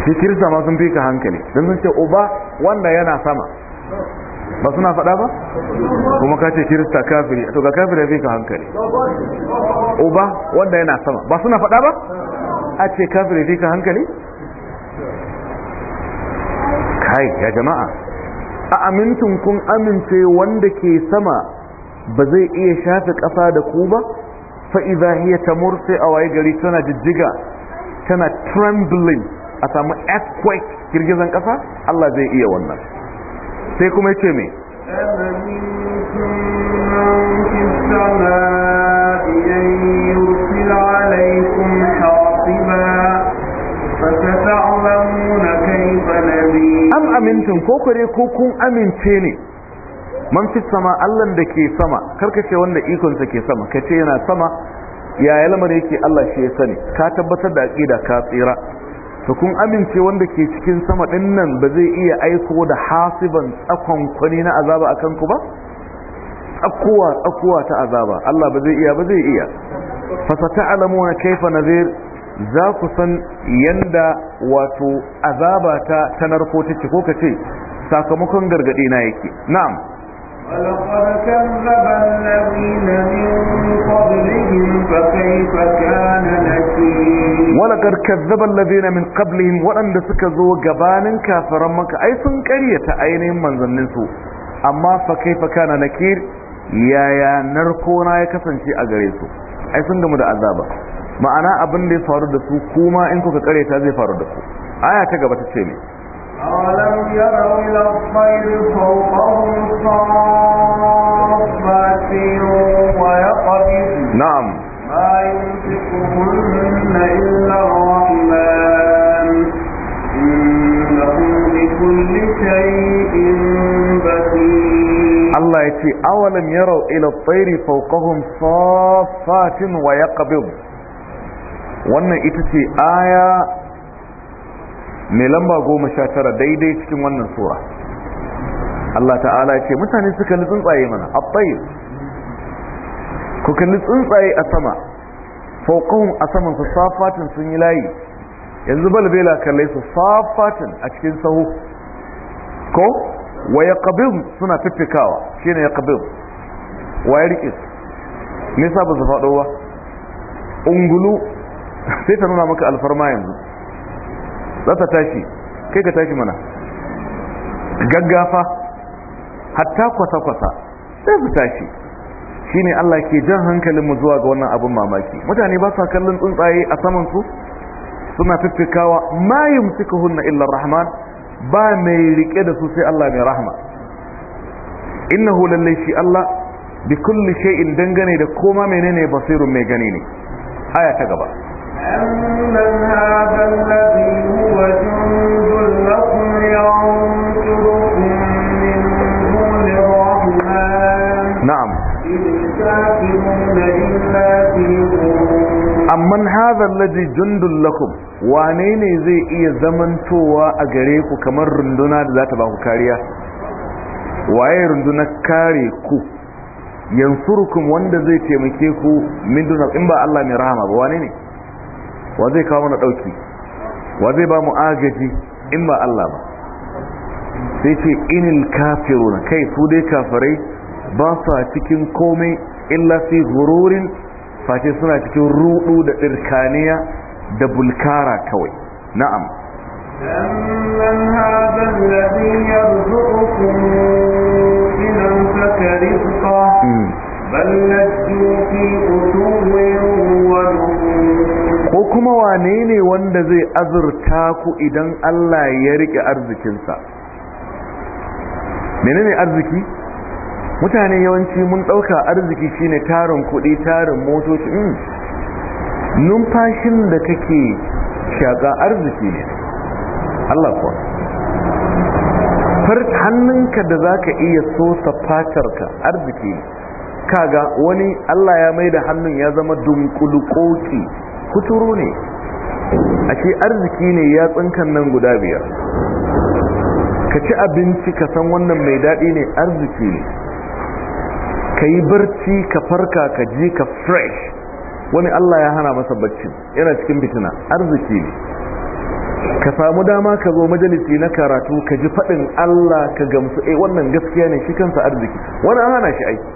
ashe kirista ma sun fi ka hankali dan sun ce uba wanda yana sama ba suna faɗa ba kuma ka ce kirista kafiri to ga kafiri fi ka hankali uba wanda yana sama ba suna faɗa ba a ce kafiri fi ka hankali kai ya jama'a a amintun kun amince wanda ke sama ba zai iya shafe ƙasa da ku ba fa'iza iya ta murse a waye gari tana jijjiga tana trembling a samu earthquake girgizan ƙasa Allah zai iya wannan sai kuma ya ce mai am amintin ko kure ko kun amince ne man fi sama Allah da ke sama karka ce wanda ikonsa ke sama ka ce yana sama yaya lamar yake Allah shi ya sani ka tabbatar da aqida ka tsira to kun amince wanda ke cikin sama din nan ba zai iya aiko da hasiban tsakon kwani na azaba akan ku ba tsakuwa tsakuwa ta azaba Allah ba zai iya ba zai iya fa sata'lamuna kayfa nadhir za ku san yanda wato azaba ta tanarko take ko kace sakamakon gargadi na yake na'am walakar kazzaban labina min kablihim waɗanda suka zo gabanin kafaran maka ai sun karyata ainihin manzanninsu amma fakai fakana na kir yaya narkona ya kasance a gare su ai sun gamu da azaba ma'ana abin da ya faru da su kuma in kuka karyata zai faru da ku aya ta gaba ta ce ne Allah ya ce, "Awalin yaro ila tsairi faukahun safatin wa ya Wannan ita ce aya mai lamba goma sha tara daidai cikin wannan sura Allah ta'ala ce mutane suka kalli tsuntsaye mana abbayin ku kalli tsuntsaye a sama faukon a saman su safatin sun yi layi yanzu balbela kalle su safatin a cikin sahu ko wa ya suna fiffikawa shi ne ya kabin wa ya riƙe nisa ba su faɗo ba ungulu sai ta nuna maka alfarma yanzu za ta tashi kai ka tashi mana gaggafa hatta kwasa-kwasa sai su tashi shi ne Allah ke jan hankalinmu zuwa ga wannan abin mamaki mutane ba sa kallon tsuntsaye a samansu suna fiffikawa mayun suka hunna illar rahman ba mai rike da su sai Allah mai rahama inna hulalle shi Allah bi kulli shay'in dangane da koma menene basirun mai gani ne aya ta gaba amman hazar laji jundun lakum wane ne zai iya zamantowa a gare ku kamar runduna da za ta ba ku kariya waye runduna kare ku yansurukum wanda zai taimake ku min duna in ba Allah mai rahama ba wane ne wa zai kawo mana ɗauki? wa zai ba mu agaji in ba Allah ba sai ce inil na kai su dai kafirai ba cikin komai illa fi hururin face suna cikin rudu da tsirkaniya da bulkara kawai na'am amman hada alladhi yarzuqukum in amsaka rizqa hmm. bal najju fi qutuwin wa ko kuma wane ne wanda zai azurta ku idan Allah ya rike arzikinsa menene arziki mutane yawanci mun ɗauka arziki shine tarin kuɗi tarin motoci hmm. numfashin da kake shaƙa arziki ne Allah kuwa hannunka da zaka ka iya sosa fatarka arziki kaga wani Allah ya mai da hannun ya zama dunkulukoki kuturu ne ashe arziki ne ya tsinkan nan guda biyar ka ci abinci ka san wannan mai daɗi ne arziki ne ka yi barci ka farka ka ji ka fresh wani Allah ya hana masa bacci yana cikin fitina arziki ne ka samu dama ka zo majalisi na karatu ka ji faɗin Allah ka gamsu eh wannan gaskiya ne shi kansa arziki wani an hana shi aiki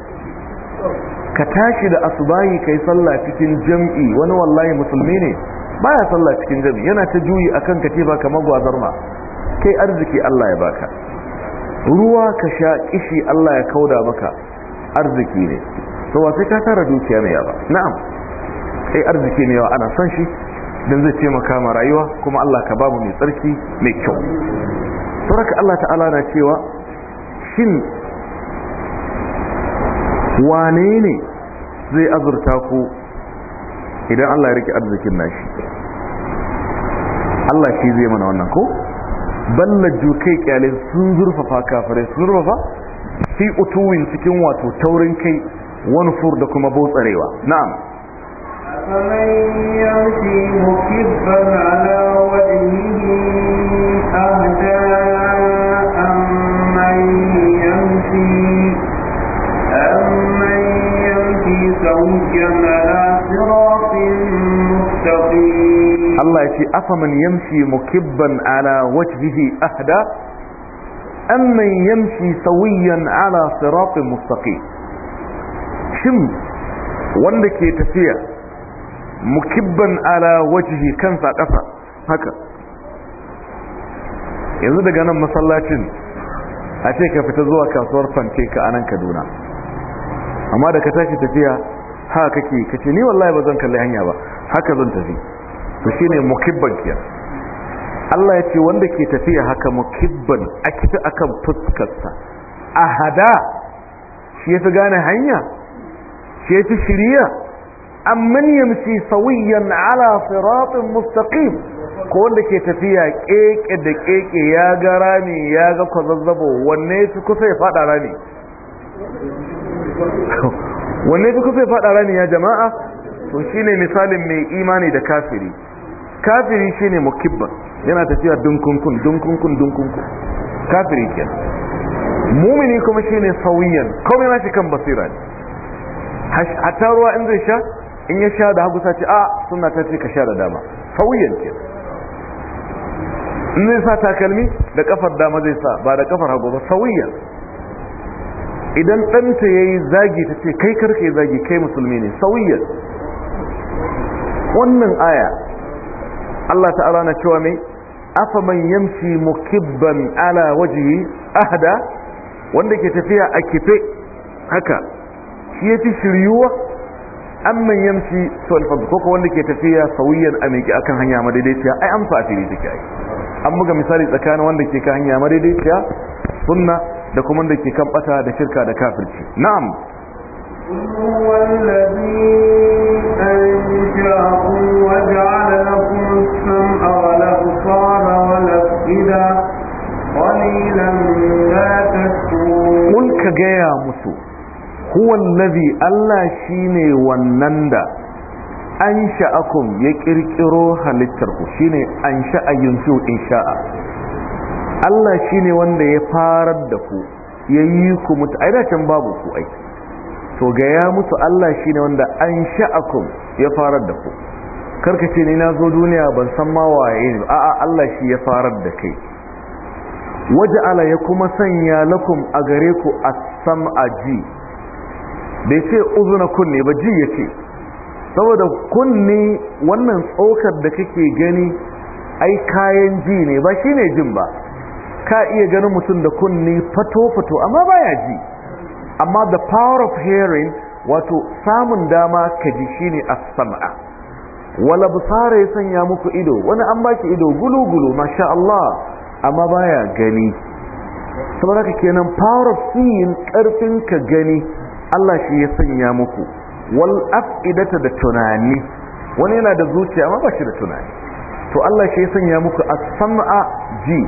ka tashi da asubahi kai sallah cikin jam'i wani wallahi musulmi ne baya sallah cikin jam'i yana ta juyi akan katiba kamar gwazar ma kai arziki Allah ya baka ruwa ka sha kishi Allah ya kauda maka arziki ne to wa sai ka tara dukiya mai yawa na'am Kai arziki ne wa ana san shi dan zai taimaka ma rayuwa kuma Allah ka babu mai tsarki mai kyau saboda Allah ta'ala na cewa shin wane ne zai azurta ku idan Allah ya rike arzikin nashi Allah shi zai mana wannan ko Balla kai kyale sun zurfafa kafare sun zurfafa fi utuwin cikin wato taurin kai wani fur da kuma botsarewa na'am فمن يمشي مكبا على وجهه أهدى Allah ya ce, Afaman yamshi mukibban ala wajhihi ahda, amman yamshi sauyan ala sirafin mustaqi. Shin wanda ke tafiya mukibban ala wajhihi kansa ƙasa haka. Yanzu daga nan masallacin a ce ka fita zuwa kasuwar fanke ka anan Kaduna. amma da ka tashi tafiya ha kake kace ni wallahi bazan zan kalli hanya ba haka zan tafi to shine mukibban kiya Allah ya ce wanda ke tafiya haka mukibban akita akan fuskarsa ahada shi yafi gane hanya shi yafi shiriya amman yamshi sawiyan ala siratin mustaqim ko wanda ke tafiya keke da keke ya ga rami ya ga kwazazzabo wanne ya fi kusa ya fada rami wanne fi fada faɗa rami ya jama'a to shine misalin mai imani da kafiri kafiri shine mukibba yana tafiya dunkunkun dunkunkun dunkunkun kafiri ke mumini kuma shine sauyan komai na shi kan basira ne hatta ruwa in zai sha in ya sha da hagu ce a suna ta ce ka sha da dama sauyan ke in zai sa takalmi da kafar dama zai sa ba da kafar hagu ba sauyan idan ɗanta ya yi zagi ta ce kai karka yi zagi kai musulmi ne sauyar wannan aya Allah ta'ala na cewa mai afa man yamshi mukibban ala wajihi ahada wanda ke tafiya a kife haka shi ya fi shiryuwa an man yamshi sulfad ko wanda ke tafiya sauyan a miƙe akan hanya madaidaiciya ai amsa a fili take ai an buga misali tsakanin wanda ke ka hanya madaidaiciya sunna da kuma da ke kan bata da shirka da kafirci na'am kun gaya musu huwan Allah shi ne wannan da an sha'akun ya ƙirƙiro halittarku shi ne an sha'ayin in sha'a Allah shi ne wanda ya farar da ku ya yi ku mutu a yi babu ku ai to ga ya mutu Allah ne wanda an sha'akun ya farar da ku karka ce ni na zo duniya ban san ma waye ne a'a Allah shi ya farar da kai waja'ala ya kuma sanya lakum a gare ku a sam a ji bai ce uzuna kunne ba ji yace saboda kunne wannan tsokar da kake gani ai kayan ji ne ba shine jin ba ka iya ganin mutum da kunni fato-fato amma baya ji amma the power of hearing wato samun dama ka ji shi ne a sama wala busara ya sanya muku ido wani an baki ido gulu-gulu masha Allah amma baya gani saboda ka kenan power of seeing karfin ka gani Allah shi ya sanya muku wal afidata da tunani wani yana da zuciya amma ba shi da tunani to Allah shi ya sanya muku as-sam'a ji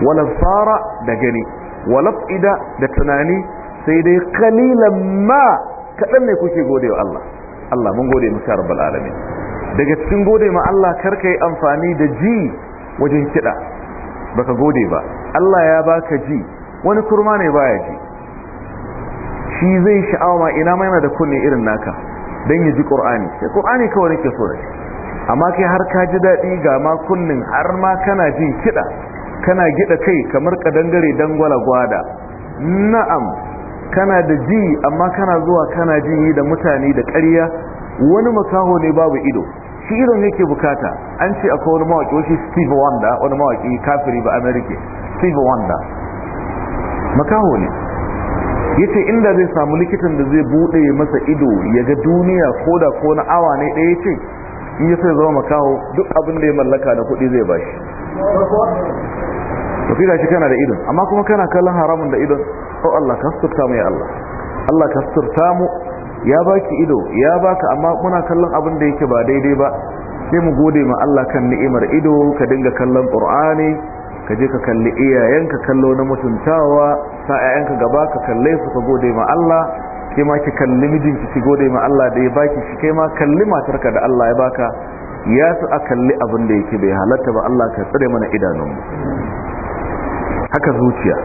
wala fara da gani wala ida da tunani sai dai kalilan ma kaɗan ne kuke gode wa Allah Allah mun gode maka rabbal alamin daga cikin gode ma Allah karka yi amfani da ji wajen kiɗa baka gode ba Allah ya baka ji wani kurma ne baya ji shi zai sha'awa ma ina mai da kunne irin naka dan ya ji qur'ani sai qur'ani kawai nake so da shi amma kai har ka ji daɗi ga ma kunnin har ma kana jin kiɗa kana gida kai kamar kadangare gwala gwada na'am kana da ji amma kana zuwa kana ji da mutane da ƙarya wani makaho ne babu ido shi idon yake bukata an ce akwai wani mawaki wasu steve wanda wani mawaki kafiri ba amerika steve wanda makaho ne ya ce inda zai samu likitan da zai bude masa ido ya ga duniya ko da ko na awa ne ɗaya ce in ya sai zama makaho duk abin da ya mallaka da kuɗi zai bashi to kai gashi kana da idon amma kuma kana kallon haramun da idon oh Allah ka sturta mu ya Allah Allah ka sturta mu ya baki ido ya baka amma muna kallon abin da yake ba daidai ba sai mu gode ma Allah kan ni'imar ido ka dinga kallon Qur'ani ka je ka kalli iyayenka kallo na mutuntawa sa iyayenka gaba ka kalle su ka gode ma Allah kai ma ki kalli mijinki ki gode ma Allah da ya baki shi kai ma kalli matarka da Allah ya baka ya su a kalli abin da yake bai halatta ba Allah ka tsare mana idanunmu haka zuciya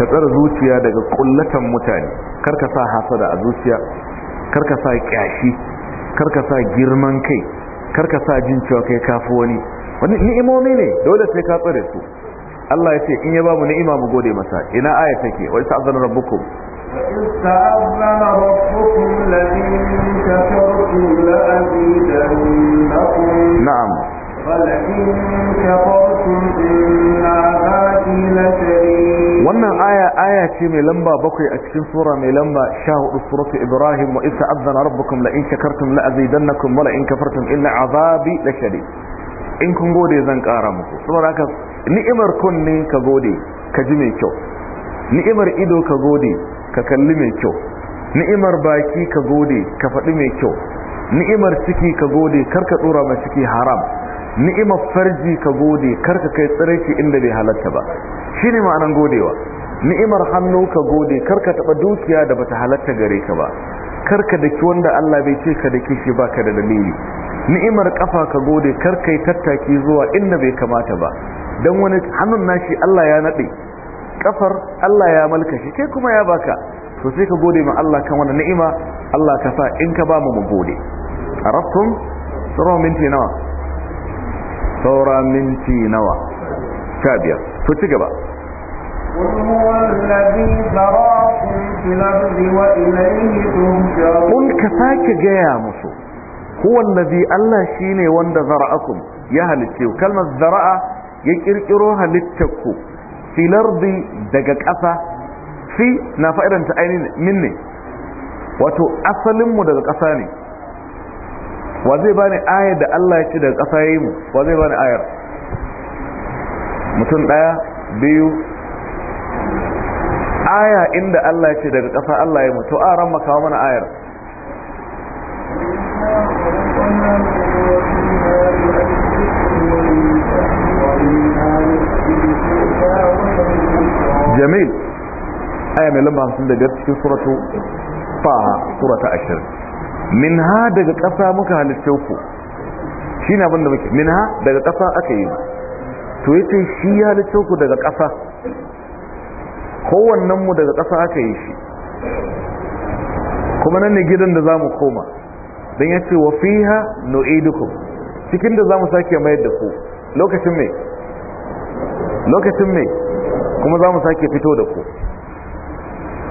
ka tsara zuciya daga kullatan mutane karka sa hasada a zuciya karka sa kyashi karka sa girman kai karka sa jin cewa kai kafi wani wani ni'imomi ne dole sai ka tsare su Allah ya ce in ya ba mu ni'ima mu gode masa ina aya take wa isa azana rabbukum وإذ تأذن ربكم لئن كفرتم لأزيدنكم نعم ولئن كفرتم إن عذابي لشديد wannan aya aya ce mai lamba bakwai a cikin sura mai lamba sha hudu suratu ibrahim wa isa azana rabbukum la in shakartum la azidannakum wa la in kafartum illa azabi la shadid in kun gode zan kara muku saboda haka ni'imar kunne ka gode ka ji mai kyau ni'imar ido ka gode ka kalli mai kyau ni'imar baki ka gode ka faɗi mai kyau ni'imar ciki ka gode kar ka tsora ma ciki haram ni'imar farji ka gode kar ka kai tsiraki inda bai halatta ba Shi shine ma'anar godewa ni'imar hannu ka gode kar ka taɓa dukiya da bata halatta gare ka ba kar ka daki wanda Allah bai ce ka daki shi ba ka da dalili ni'imar kafa ka gode kar yi tattaki zuwa inda bai kamata ba Don wani hannun nashi Allah ya naɗe? kafar Allah ya malka shi kai kuma ya baka to sai ka gode ma Allah kan wannan ni'ima Allah ka sa in ka ba mu mu gode arabtum sauran minti nawa sauran minti nawa sha biyar to ci gaba kun ka sake gaya musu huwan lazi Allah shi ne wanda zara'akun ya halicce kalmar zara'a ya kirkiro halittar ku fil ardi daga ƙasa fi na fa'idanta ainihin min ne wato asalinmu daga ƙasa ne wa zai bani ayar da Allah ya ce daga ƙasa ya yi mu wa zai bani ayar mutum ɗaya biyu aya inda Allah ya ce daga ƙasa Allah ya yi mu to a ran makawa mana ayar jamil aya mai lamba 55 cikin suratu fa taha surata 20 min ha daga ƙasa muka halitta ku shi ne abinda muke min ha daga ƙasa aka yi to yace shi ya halitta ku daga ƙasa kowannen mu daga ƙasa aka yi shi kuma nan ne gidan da za mu koma don ya ce wa fi ha? fiha nu'idukum cikin da za mu sake mayar da ku lokacin mai lokacin mai kuma za mu sake fito da ku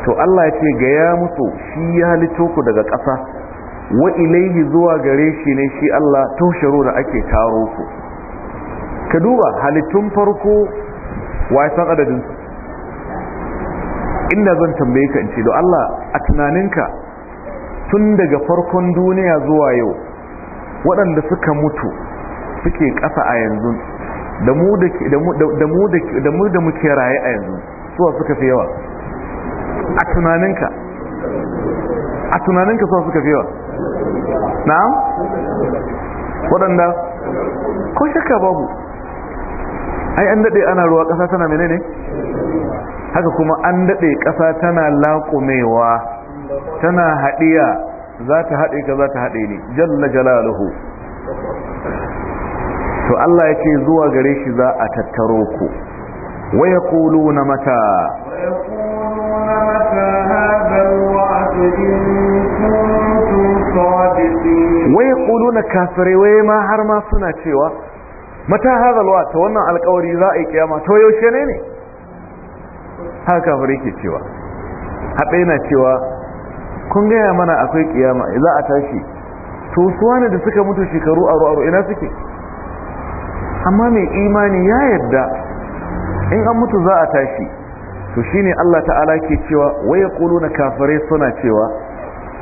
to Allah ya ce ga ya musu shi ya halitto ku daga ƙasa wa ilaihi zuwa gare shi ne shi Allah tusharo da ake taro ku ka duba halittun farko wa san adadin su inda zan tambaye ka in ce don Allah a tunaninka tun daga farkon duniya zuwa yau waɗanda suka mutu suke ƙasa a yanzu da mu da muke raye a yanzu suwa suka fi yawa a tunaninka a tunaninka suwa suka fi yawa na'am waɗanda ko shakka babu ai an daɗe ana ruwa ƙasa tana menene haka kuma an daɗe ƙasa tana laƙumewa tana haɗiya za ta haɗe ka za ta haɗe ne jalla jalaluhu to Allah ya ce zuwa gare shi za a tattaro ku wa yaquluna mata wa yaquluna kafirai waya ma har ma suna cewa mata hadha ta wannan alƙawari za a yi kiyama to yaushe ne ne haka kafirai ke cewa haɗe na cewa kun gaya mana akwai kiyama za a tashi to su da suka mutu shekaru aro aro ina suke amma mai imani ya yadda in an mutu za a tashi to shine Allah ta'ala ke cewa waya na kafirai suna cewa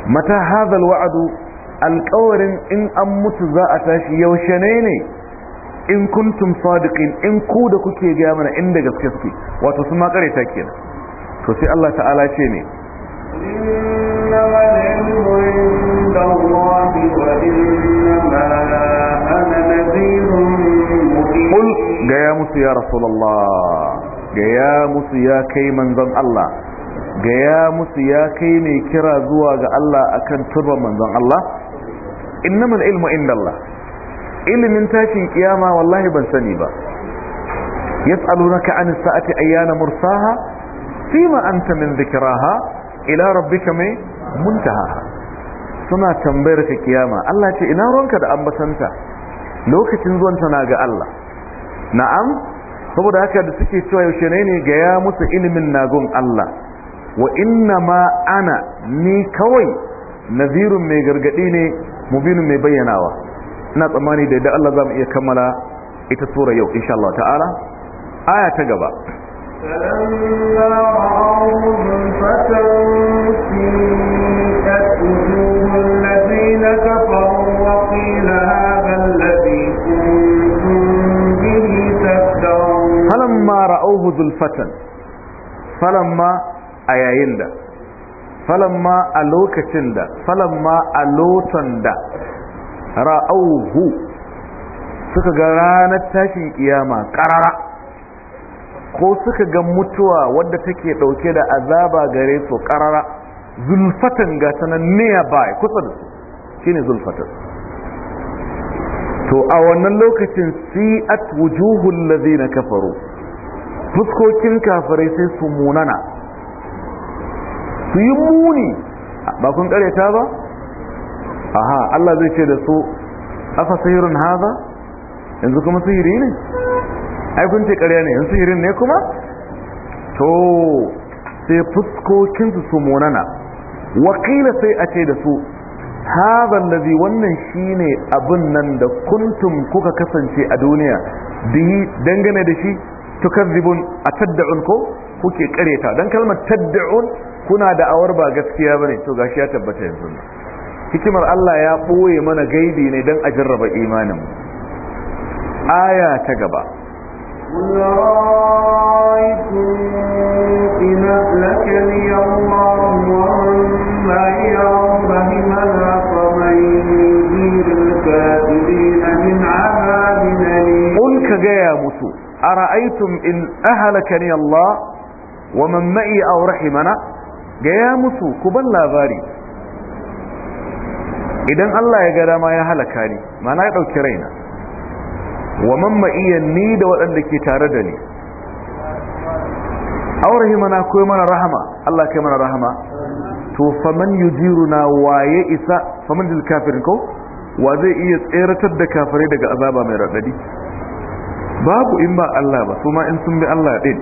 mata hazal wa'adu alƙawarin in an mutu za a tashi yaushe ne ne in kuntum sadiqin in ku da kuke gaya mana inda gaske suke wato sun ma kare ta kenan to sai Allah ta'ala ce ne إنما gaya musu ya rasulallah gaya musu ya kai manzon Allah gaya musu ya kai ne kira zuwa ga Allah akan turban manzon Allah innamal ilmu indallah ilimin tashin kiyama wallahi ban sani ba yas'alunaka an sa'ati ayyana mursaha fima anta min dhikraha ila rabbika mai muntaha suna tambayar ka kiyama Allah ce ina ruwanka da ambatanta lokacin zuwanta na ga Allah na'am saboda haka da suke cewa yaushe ne ne ga ya musu ilimin nagon Allah wa inna ma ana ni kawai nazirun mai gargadi ne mubinun mai bayyanawa ina tsammani da yadda Allah za mu iya kammala ita sura yau insha Allah ta'ala aya ta gaba الذين كفروا وقيل هذا الذي falamma ra'auhu zulfatan falamma a yayin da falamma a lokacin da falamma a lotan da ra'auhu suka ga ranar tashin kiyama karara ko suka ga mutuwa wadda take dauke da azaba gare su karara zulfatan ga sanan nearby kusa da su shine zulfatan to a wannan lokacin si'at wujuhul ladina kafaru fuskokin kafirai sai su munana su yi muni ba kun karyata ba aha Allah zai ce da su afa sihirin haza yanzu kuma sihiri ne ai kun ce karya ne yanzu sihirin ne kuma to sai fuskokinsu su munana wakila sai a ce da su hazan lazi wannan shine abin nan da kuntum kuka kasance a duniya dangane da shi tukazzibun a ko kuke kareta dan kalmar tadda'un kuna da awar ba gaskiya bane to gashi ya tabbata yanzu hikimar Allah ya boye mana gaibi ne dan a jarraba imanin aya ta gaba قل gaya mutu ara'aytum in ahlakani Allah wa man ma'i aw rahimana ga ya musu kuban labari idan Allah ya ga dama ya halaka ni ya dauki raina wa man ma'i ni da waɗanda ke tare da ni aw rahimana ko mana rahama Allah kai mana rahama to yudiruna yujiruna waye isa faman dil kafirin ko wa zai iya tseratar da kafirai daga azaba mai radadi babu in ba Allah ba su ma in sun bi Allah din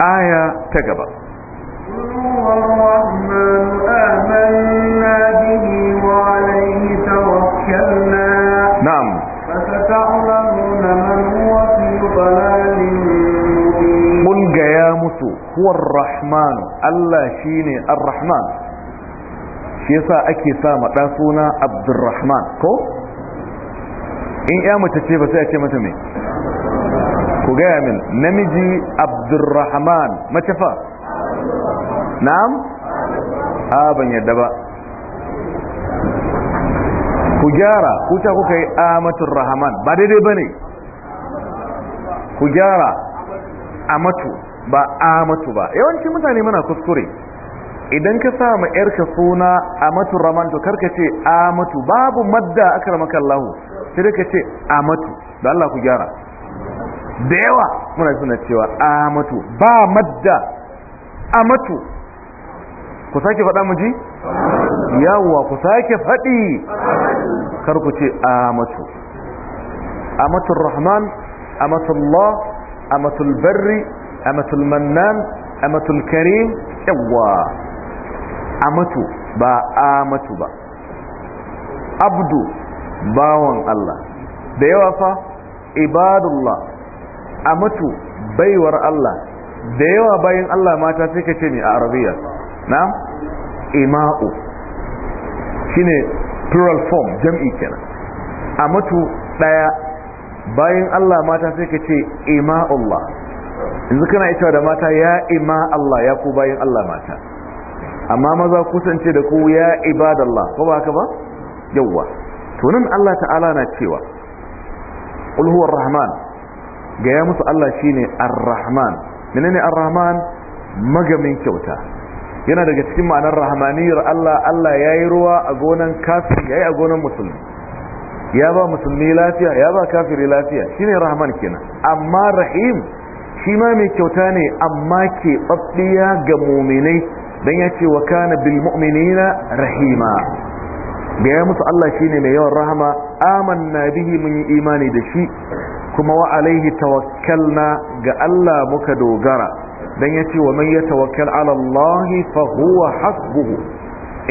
aya ta gaba na'am mun gaya musu huwar rahman Allah shine ar-rahman shi yasa ake sa maɗa suna abdurrahman ko in ya mace ce ba sai a ce mata me ku gaya min namiji abdurrahman mace fa na'am a ban yadda ba ku gyara kuta kuka yi amatur rahman ba daidai ba ne ku gyara amatu ba amatu ba yawancin mutane muna kuskure idan ka sa ma yarka suna amatur rahman to karka ce amatu babu madda akramaka Lahu. sai dai ka ce amatu da Allah ku gyara da yawa muna suna cewa amatu ba madda amatu ku sake faɗa mu ji yawwa ku sake faɗi kar ku ce amatu amatul rahman amatul allah amatul barri amatul mannan amatul karim yawwa amatu ba amatu ba abdu bawan Allah da yawa fa ibadullah a mutu baiwar Allah da yawa bayan Allah mata sai ka ce ne a arabiya na ima'u shine plural form jam'i kenan a mutu daya bayan Allah mata sai ka ce ima'ullah yanzu kana ita da mata ya ima Allah ya ku bayan Allah mata amma maza kusance da ku ya ibadallah ko ba haka ba yawwa tunan Allah ta'ala na cewa ulhuwar rahman gaya musu Allah shine ar-rahman menene ar-rahman magamin kyauta yana daga cikin ma'anar rahmaniyar Allah Allah yayi ruwa a gonan kafiri yayi a gonan musulmi ya ba musulmi lafiya ya ba kafiri lafiya shine rahman kenan amma rahim shi ma mai kyauta ne amma ke babbiya ga mu'minai dan yace wa kana bil mu'minina rahima ya musu Allah shine mai yawan rahama amanna bihi mun yi imani da shi kuma wa alaihi tawakkalna ga Allah muka dogara dan yace wa man yatawakkal ala Allah fa huwa hasbuhu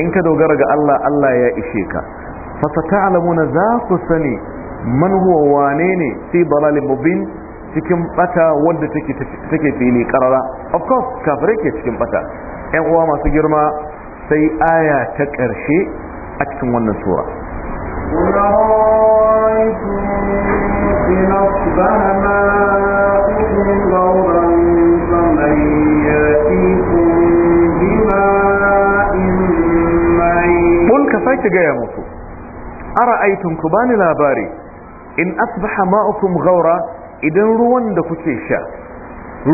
in ka dogara ga Allah Allah ya ishe ka fa sata'lamuna za ku sani man huwa wane ne fi dalalin mubin cikin bata wanda take take fili karara of course kafirai ke cikin bata ƴan uwa masu girma sai aya ta ƙarshe a cikin wannan sura Kun ka sake gaya musu, ara aikin ku bani labari, in asbaha ma'ukum gaura idan ruwan da kuke sha,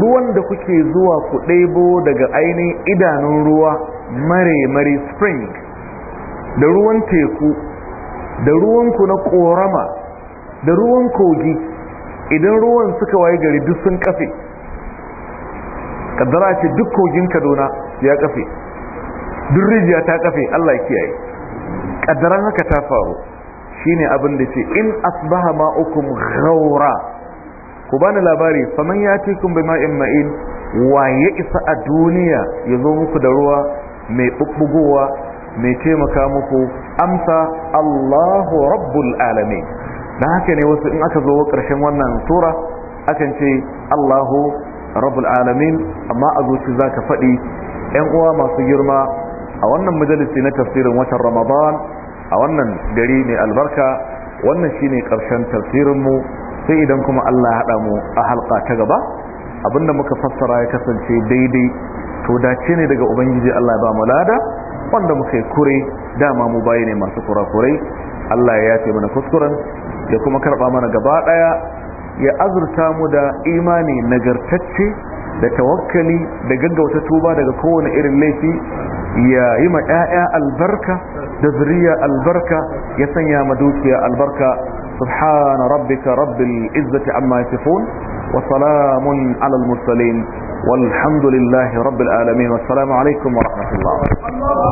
ruwan da kuke zuwa ku ɗebo daga ainihin idanun ruwa mare mare spring da ruwan teku da ruwanku na korama da ruwan kogi idan ruwan suka waye gari duk sun kafe kaddara ce duk kogin kaduna ya kafe duk rijiya ta kafe allah ya kiyaye kaddaran haka ta faru shine abin da ce in asbaha ma'ukum ghaura ku bani labari faman ya ce kun bai ma'in ma'in wa ya isa a duniya ya zo muku da ruwa mai bubbugowa mai taimaka muku amsa Allahu rabbul alamin na haka ne wasu in aka zo ƙarshen wannan tura, akan ce Allahu rabbul alamin amma a zuci za ka faɗi ‘yan uwa masu girma a wannan majalisi na tafsirin watan ramadan a wannan gari ne albarka wannan shine ƙarshen tafsirinmu sai idan kuma Allah ya haɗa mu a halka ta gaba abinda muka fassara ya kasance daidai to dace ne daga ubangiji Allah ya ba mu lada wanda muka yi kure dama mu bayi ne masu kurakurai Allah ya yafe mana kuskuren ya kuma karba mana gaba daya ya azurta mu da imani nagartacce da tawakkali da gaggauta tuba daga kowane irin laifi ya yi ma 'ya'ya albarka da zuriya albarka ya sanya ma dukiya albarka subhana rabbika rabbil izzati amma yasifun wa salamun alal mursalin walhamdulillahi rabbil alamin wassalamu wa rahmatullah